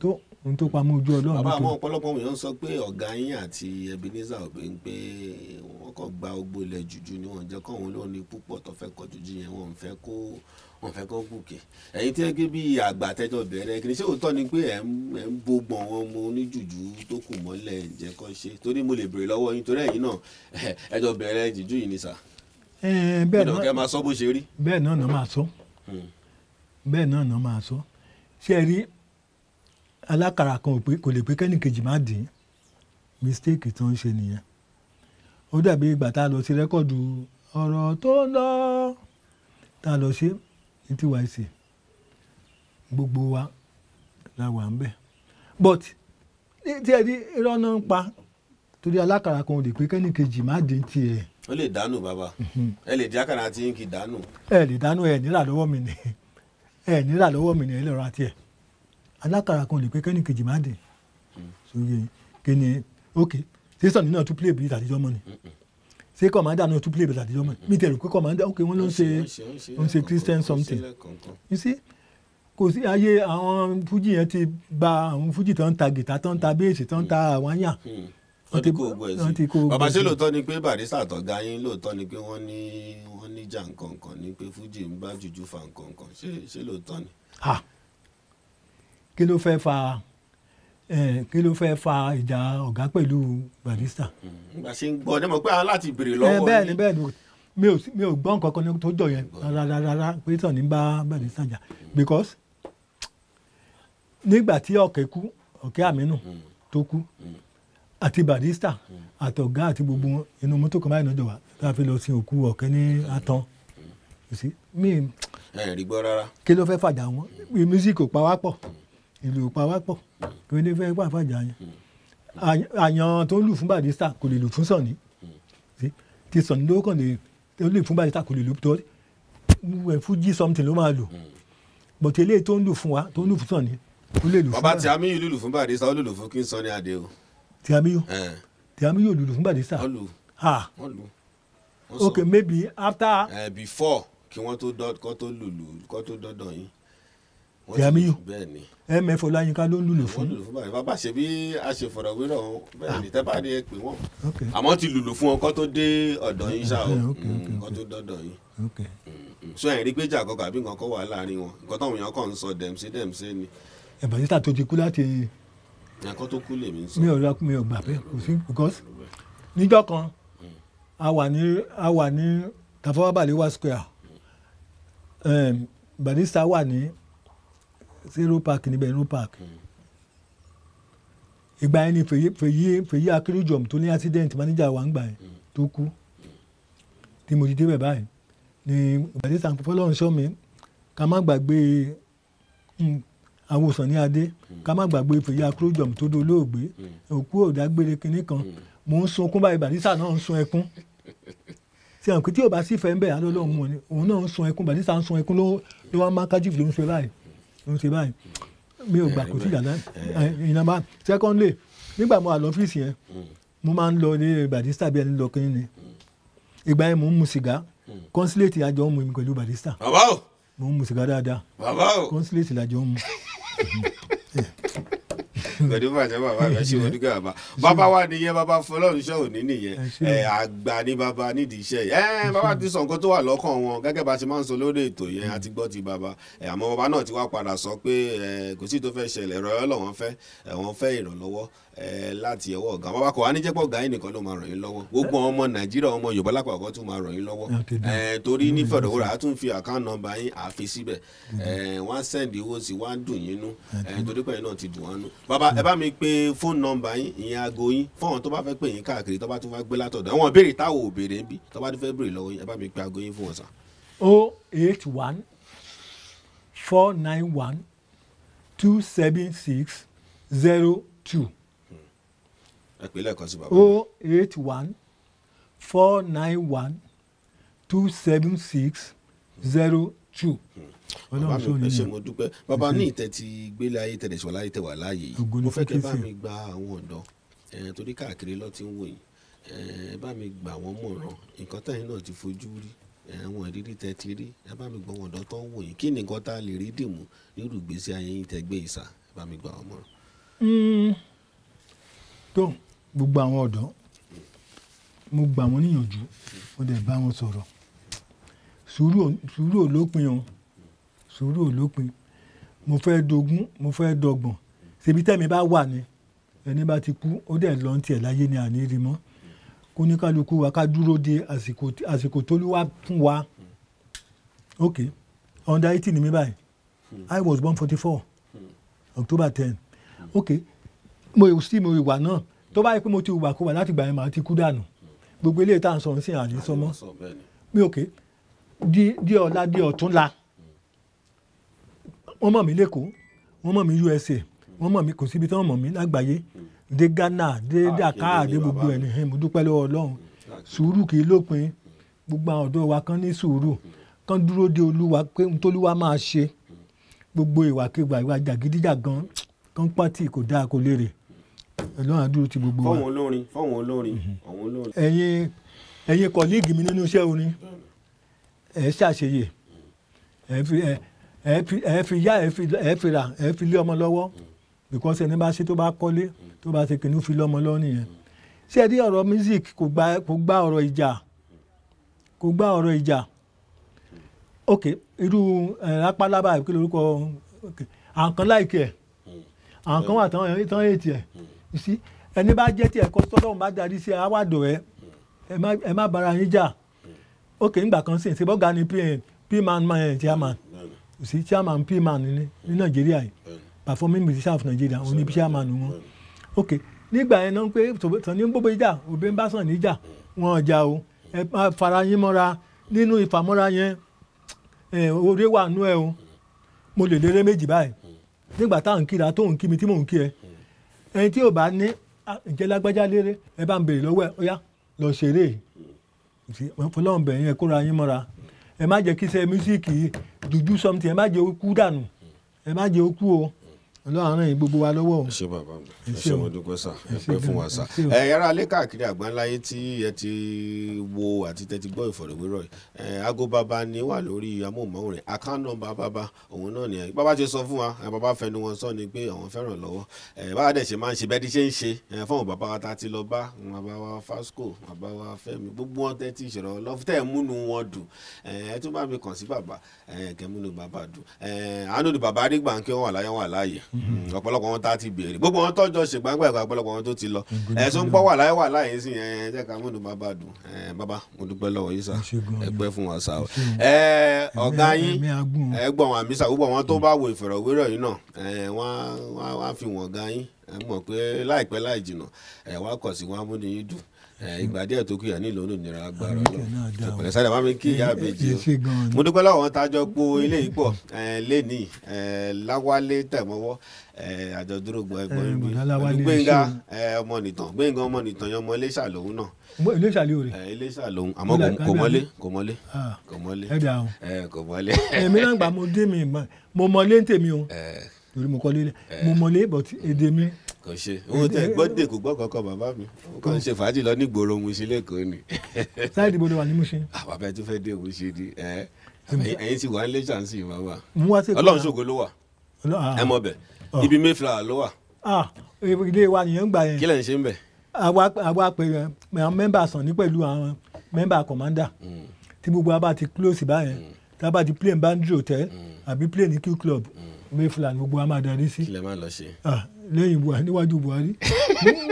tó n tó pa mọ ojú ọlọ́run. bàbá àwọn ọ̀pọ̀lọpọ̀ èèyàn
sọ pé ọ̀gá yín àti Ebenezer Obey ń pé wọ́n kàn gba ogbó ilẹ̀ jùjú ni wọ́n jẹ́ kọ́wọn ló ní púpọ̀ tó fẹ́ kọjú jù yẹn wọ́n fẹ́ kó wọ́n fẹ́ kó gòkè. ẹ̀yin tí gẹ́gẹ́ bí àgbà tẹ́jọ́ bẹ̀rẹ̀ kì í ṣe òótọ́ ni pé ẹ̀ ń bógbọ̀n wọn mo ní jùjú tó kù mọ́lẹ̀ ǹjẹ́ kọ́ ṣe torí mo lè béèrè lọ́wọ́ yín torí ẹ̀yin náà ẹ̀jọ̀ bẹ̀rẹ̀ jùjú yìí ni sà.
bẹ́ẹ̀ náà
bẹ́ẹ̀ náà máa sọ hmm
ṣé ẹ rí alákàrà kan kò lè pé kẹ́nìkejì má dín mistake tó ń ṣe nìyẹn ó dàbí ìgbà tá a lọ sí rẹ́kọ̀dù ọ̀rọ̀ tó ń lọ tá a lọ ṣe ní tiwa gbogbo wa la wà ń bẹ̀ but tí ẹ rí irọ́ náà ń pa torí alákàrà kan ò lè pé kẹ́nìkejì má dín tiẹ̀.
ó lè dànù bàbá mhm. ẹ lè di àkàrà tí n kì í dànù.
ẹ lè dànù ẹ nílà lọ́wọ́ mi ni ẹ nílà lọ́wọ́ mi nìyẹn lọ́ra tiẹ̀ alákàrà kan lè pé kẹ́ni kejì má dé sóye kẹ́ni ok tẹsán nínú ọtún play bíi tàdíjọ́ mọ́ ni ṣé kọ̀mádà náà tún play bíi tàdíjọ́ mọ́ ni mi tẹ̀rù pé kọ̀mádà ok wọ́n ló ń ṣe ń ṣe christian something you see kò sí ayé àwọn fújì yẹn ti ba àwọn fújì tó ń ta gìtá tó ń ta béèsì tó ń ta àwọn yàn
hmm wọ́n ti kó gbogbo ẹ̀ sí bàbá ṣé lóòótọ́ ni pé barista àtọ̀gá yín lóòótọ́ ni pé wọ́n ní wọ́n ní jà nkankan ni pé fújì ń bá jùjú fa nkankan ṣé ṣé lóòótọ́ ni.
kí ló fẹ́ fa kí ló fẹ́ fa ìjà ọ̀gá pẹ̀lú barista.
ìgbà hmm, ṣe ń gbọ́ ọ ní mo pé a láti béèrè lọ́wọ́ yín. bẹ́ẹ̀ ni
bẹ́ẹ̀ ni mi ò gbọ́ nǹkan kan tó jọ yẹn rárá pé sàn bá barista jà because nígbà tí ọ̀kẹ́ kú ọ̀kẹ́ àmínú tó kú. Mm -hmm àti Barrister àtọ̀gá àti gbogbo wọn inú mọ́tò kan báyìí náà jọ wá tá a fi lọ sin òkú ọ̀kẹ́ ní àtàn sí mi.
ẹ rí gbọ́ rárá.
kí ló fẹ́ fàjà wọn mísíkì ò pa wá pọ̀ ìlú ò pa wá pọ̀ kí ló fẹ́ pa fàjà yẹn àyàn tó ń lù fún Barrister kò lè lù fún Sànní ti Sànní ló kàn lè ó lè fún Barrister kò lè lù tó fújì something ló máa lù bọ̀tẹ́lẹ̀ tó ń lù fún wa tó ń lù fún Sànní ó lè lù fún bàbá tí a
mí ìlú lù fún Barrister ó lè lù fún kí n sọ ní adé o.
Tiamiyo eh. Tiamiyo lùlù fún Barrister. lulu lù ah
wọ́n lù. okay maybe after. Uh, before kí wọ́n tó dọ́ kọ́ tó lùlù kọ́ tó dọ́dọ̀ yín.
Tiamiyo mf Ọláyínká ló ń lùlù fún.
bàbá ṣe bí a ṣe fọ̀rọ̀ wérò wọn bẹ́ẹ̀ ni tẹ́pá ni ẹ pè wọ́n. àmọ́ ti lùlù fún wọn kọ́ tó dé ọ̀dọ̀ yín ṣá o kọ́ mm, tó dọ́dọ̀ yín. Mm, mm. so ẹ̀rí gbéjà kọkọ àbí nǹkan kọ́ wà láàrin wọn nǹkan táwọn èèyàn kàn ń sọ dẹ̀mṣẹ́ dẹ̀mṣẹ́ ni.
ẹ̀ Barrister tó ti kú láti
nǹkan tó kú lèmi ń sọ. mi ò lọ mi ò
gbà bẹ́ẹ̀ kò sí because níjọ́ kan a wà ní a wà ní Tafawa Balewa square um, Barrister wà ní zero park níbẹ̀ zero park ìgbà yẹn ni Fèyí Fèyí Akérèjọm tó ní accident manager wa ń gbà yẹn tó kú tí mo ti débẹ̀ báyìí ni Barrister fọlọ́run ṣọ́ mi ká má gbàgbé hmm, àwọn Sànní Adé hmm. ká má gbàgbé Fèyí Akérèdọ́lù tó dolóògbé hmm. òkú òdágbére kinní kan hmm. mò ń sunkún báyìí Barrister náà ń sun ẹkún ṣe hàn pé tí o bá sì fẹ́ ń bẹ̀ á lọ́lọ́ mu ni òun náà ń sun ẹkún Barrister ń sun ẹkún ló wá má kájíf ló ń ṣe báyìí ń ṣe báyìí mi ò gbà kó sí ìyàlá ìyàmbá secondly nígbà mo wà lọ́fíìsì yẹn mo máa ń lọ ilé Barrister bí ẹni lọ kí ni ìgbà yẹn mo ń mu sìgá consulate àjọ mu mi pẹ̀lú Barrister mo ń mu sìgá dáadáa consulate làjọ mu
Mm-hmm.
yeah. gbẹdúgbà tẹ bàbá rẹ ṣé wọn dúkẹ́ bàbá bàbá wa nìyẹn bàbá fọlọ́run iṣẹ́ òní nìyẹn àgbà ni bàbá nídìí iṣẹ́ yìí bàbá ti sọ nǹkan tó wà lọ́kàn wọn gẹ́gẹ́ bá ti máa ń sọ lórí ètò yẹn àti gbọ́ ti bàbá àmọ́ bàbá náà ti wá padà sọ pé kò sí tó fẹ́ ṣẹlẹ̀ ìrànlọ́wọ́ lọ́wọ́ fẹ́ wọ́n fẹ́ ìrànlọ́wọ́ láti ọwọ́ ọ̀gá bàbá kò wá ní jẹ́pọ̀ ọ̀gá yìí nìkan ló máa ràn yín lọ́wọ́ gbogbo ọmọ nàìjíríà ọmọ yorùbá lápapọ̀ tún máa ràn yín lọ́wọ́ torí nífẹ̀dọ̀wọ́ra a tún fi àkáǹtì nọ́mbà yín àfi síbẹ̀ wọ́n á sẹ́ndì owó sí wọ́n á dùn yín nú torí pẹ̀lú náà ti dùn wọ́n nú bá bàbá hmm. ẹ bá mi pe fóònù nọ́mbà yín ìyẹn aago yín fọ́ọ̀n tó bá fẹ́ pè yín káàkiri tó bá tún fẹ́ gbé látọ̀dọ̀ àwọn ìbéèrè táwọn ò béèrè bí tó bá tún fẹ́ béèrè lọ́wọ́ yín ẹ bá
mi pe aago yín fún wọn o oh eight one four nine one two seven six zero two.
Hmm. ẹ pè lẹ́ẹ̀kan sí bàbá. o
oh eight one four nine one two seven six zero two. Hmm bàbá mi ẹ ṣé baba dúpẹ́ bàbá ní
ìtẹ́ ti gbélé ayé tẹ̀lé sọ̀lá ayé tẹ̀wà láàyè yìí mo fẹ́ kẹ́ bá mi gba àwọn ọ̀dọ́ torí káàkiri lọ́ọ́ ti ń wò yìí ẹ bá mi gbà wọ́n mọ̀ràn nǹkan tẹ̀yin náà ti fojú rí àwọn ìrírí tẹ ti rí ẹ bá mi gbọ́ wọn ọ̀dọ́ tó ń wò yìí kí ni nǹkan tá a lè rí dìmú nírú ìgbésí ayé yín tẹ gbé ìsà ẹ bá mi gbà wọ́n mọ̀ràn.
Hmm.
tó gbogbo àwọn ọ̀dọ́ mo gbà wọ́n níyànjú mo dẹ̀ bá wọn sọ̀rọ̀ sùúrù olópin o sùúrù olópin mo fẹ́ dogún mo fẹ́ dọgbọ̀n ṣebí tẹ́mi bá wà ní ẹni bá ti kú ó dẹ̀ lọ́n tiẹ̀ láyé ni àní rí mọ́ kó ní kálukú wa ká dúró de àsìkò t'Olúwa fún wa ok under eighty ni mi báyìí i was born forty four october ten ok mo sì mo ìwà náà tó bá yẹ pé mo ti wà kó wà láti gbà yẹn màá ti kú dànù gbogbo eléyìí tá à ń sọ sí àní sọmọ mi ok di ọ̀la di ọ̀túnla wọ́n mọ̀ mí lẹ́kọ̀ọ́ wọ́n mọ̀ mí USA wọ́n mọ̀ mí kò síbi tí wọ́n mọ̀ mí lágbàáyé dé Ghana dé ah, Dakar dé gbogbo ẹni mo dúpẹ́ lọ́wọ́ Ọlọ́run sùúrù kì í lópin gbogbo àwọn ọ̀dọ́ wa kan ní sùúrù kan dúró de Olúwa pé n tÓlúwa máa ṣe gbogbo ìwàkiwà ìwà jàgídíjàgan kan pátì kò dáa kò lérè Ọlọ́run àdúró ti gbogbo wa. fọwọn
olórin fọwọn olórin àwọn mhm. olórin. ẹ̀yin
ẹ̀yin kọ̀ọ̀lì ìgbìmí nínú iṣẹ́ orin ẹ̀ ṣàṣeyè ẹ̀ fi ẹ̀ ẹ fi ẹ fi yá ẹ fi ẹ fi rà ẹ fi lé ọmọ lọ́wọ́ because ẹni bá ṣe tó bá kọ́lé tó bá ṣe kìnnìún fi lé ọmọ lọ́wọ́ nìyẹn ṣé ẹ rí ọ̀rọ̀ music kò gba kò gba ọ̀rọ̀ ìjà kò gba ọ̀rọ̀ ìjà ok irú rápálábà kí lorúkọ àǹkan láìkẹ́ ẹ̀ àǹkan wà tán ètì ẹ̀ sí ẹni bá jẹ́ tiẹ̀ kọ́ tọ́lọ́run bá darí sí awádọ̀ ẹ̀ ẹ má bára yín jà ok ńgbà kan sì ṣe bọ́gà ni pm pm man man chairman kò sí chairman pman ni ní nàìjíríà yìí performing musician of nigeria òun ni chairman wọn ok nígbà yẹn náà pé Sàní gbogbo ìjà òbí ń bá Sàní ìjà hmm. wọn ọjà o ẹ fara yín mọ́ra nínú ìfàmọ́ra yẹn orí wà nú ẹ o mo lè léré méjì báyìí hmm. nígbà táwọn ń kíra tó ń kí mi tí mò ń kí ẹ hmm. ẹni tí ò bá ní ìjẹlágbájá léré ẹ bá ń béèrè lọ́wọ́ ẹ ó lọ ṣeré fọlọ́ọ̀bẹ̀ yẹn kóra yín mọ́ra ẹ má jẹ́ kí iṣẹ́ mísíkì yìí jùjú sọmtì ẹ má jẹ́ okú dànù ẹ má jẹ́ okú o ọlọ́run ràn yín gbogbo wa lọ́wọ́. ẹ ṣe bàbá mi ẹ ṣe mo dúpẹ́ sá ẹ pẹ́ fún wa sá. ẹ
yára lé káàkiri àgbáńláyé tí ẹ ti wo àti tẹ́tí gbọ́ ìfọ̀rọ̀wérọ̀ ẹ aago bàbá ni wà lórí amóhùnmáwòrán account number bàbá òun náà ni ẹ bàbá ti sọ fún wa ẹ bàbá fẹnu wọn sọ ni pé àwọn fẹ́ràn lọ́wọ́ ẹ bàbá dẹ̀ ṣe máa ń ṣe bẹ́ẹ̀ ti ṣe ń ṣe ẹ fọ́n bàbá wa ta ti lọ bá bàbá wa Fasco bàbá wa Fẹ́mi gbogbo wọn tẹ́tí ìṣòro lọ́fítẹ́ múnú wọn dùn ẹ tún bá mi kàn sí bàbá ẹ kẹ́múnú bàbá dùn ẹ àánú ni bàbá arígbà ń kí wọ́n wà láyé wọ́n wà láàyè Mm-hmm. ọ̀pọ̀lọpọ̀ wọn tá a ti béèrè gbogbo wọn tọ́jọ́ ṣègbàgbà ẹ̀kọ́ ọ̀pọ̀lọpọ̀ wọn tó ti lọ ẹ̀sùn ń wà láyé wà láyé sí ẹ̀ jẹ́ ká múnú bàbá dùn ẹ̀ bàbá mo dúpẹ́ lọ́wọ́ yìí sà ẹgbẹ́ fún wa sà o ẹ̀ ọ̀gá yín ẹgbọ̀n àmì sà gbogbo wọn tó bá wo ìfọ̀rọ̀wérọ̀ yìí náà ẹ̀ wọ́n á fi wọ̀n ọ̀gá yín ẹ mọ̀ pé láìpẹ́ láì jìnnà ẹ̀ wá kọ̀ sí wọn amúniyín dùn ìgbà díẹ̀ tó kù yà nílò onínira agbára náà tẹ̀pẹ̀lẹ́ sáré bá mi kí ìyá àbèjì o mo dúpẹ́ láwọn tájọ po ilé yìí pọ̀ lẹ́ni láwálé tẹ̀mọ́wọ́ àjọdúró gbọ́ngbọ́n ibi gbẹ̀ngà ọmọ nìtàn gbẹ̀ngà ọmọ nìtàn yẹn ọmọ iléṣà lòun náà iléṣà lè rè iléṣà lòun àmọ́ kò mọ́lé kò mọ́lé kò mọ́lé ah, kò mọ́lé. èmi náà
gbà mo dé mi mo mọ́lé ń tèmi o torí mo kọ́ lé mo mọ́lé but èdè mi kò ṣe owó tẹ
gbọ́dẹ̀ kò gbọ́ kankan bàbá mi ó kàn ń ṣe fàájì lọ ní ìgboro Mushin lẹ́kọ̀ọ́ ni.
sáyidì bolo wà ní Mushin.
àwọn abẹ́ tó fẹ́ dé Mushin ni ẹ̀yin ti wà ń lé ṣàǹsì ìwà wa Ọlọ́run ṣògo ló wà ah. ẹ mọ bẹ̀ oh. ibi Mayflower ló wà.
Ah, ilé wa nìyẹn ń gbà yẹn. kí lẹ̀ ń ṣe ń bẹ̀. àwa pé eh, àwọn mẹ́mbà sàn ní pẹ̀lú àwọn mẹ́mbà commander hmm. tí gbogbo wa bá ti close báyẹn hmm. tá a bá ti plane bandit hmm. àbí plane ní q club. Mm bẹ́ẹ̀ fúlàní gbogbo wa máa darí sí. kílẹ̀ máa lọ ṣe. Ah, lẹ́yìn buhari níwájú buhari.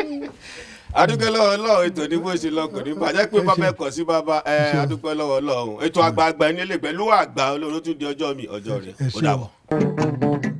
adúpẹ́ lọ́wọ́ ọlọ́run ètò ní bó ṣe lọ kò ní bàjẹ́ pé bàbá ẹ̀kọ́ sí bàbá ẹ adúpẹ́ lọ́wọ́ ọlọ́run ètò àgbààgbà ẹni lè pẹ̀lú àgbà olóró tún di ọjọ́ mi ọjọ́ rẹ̀
ó dàbọ̀.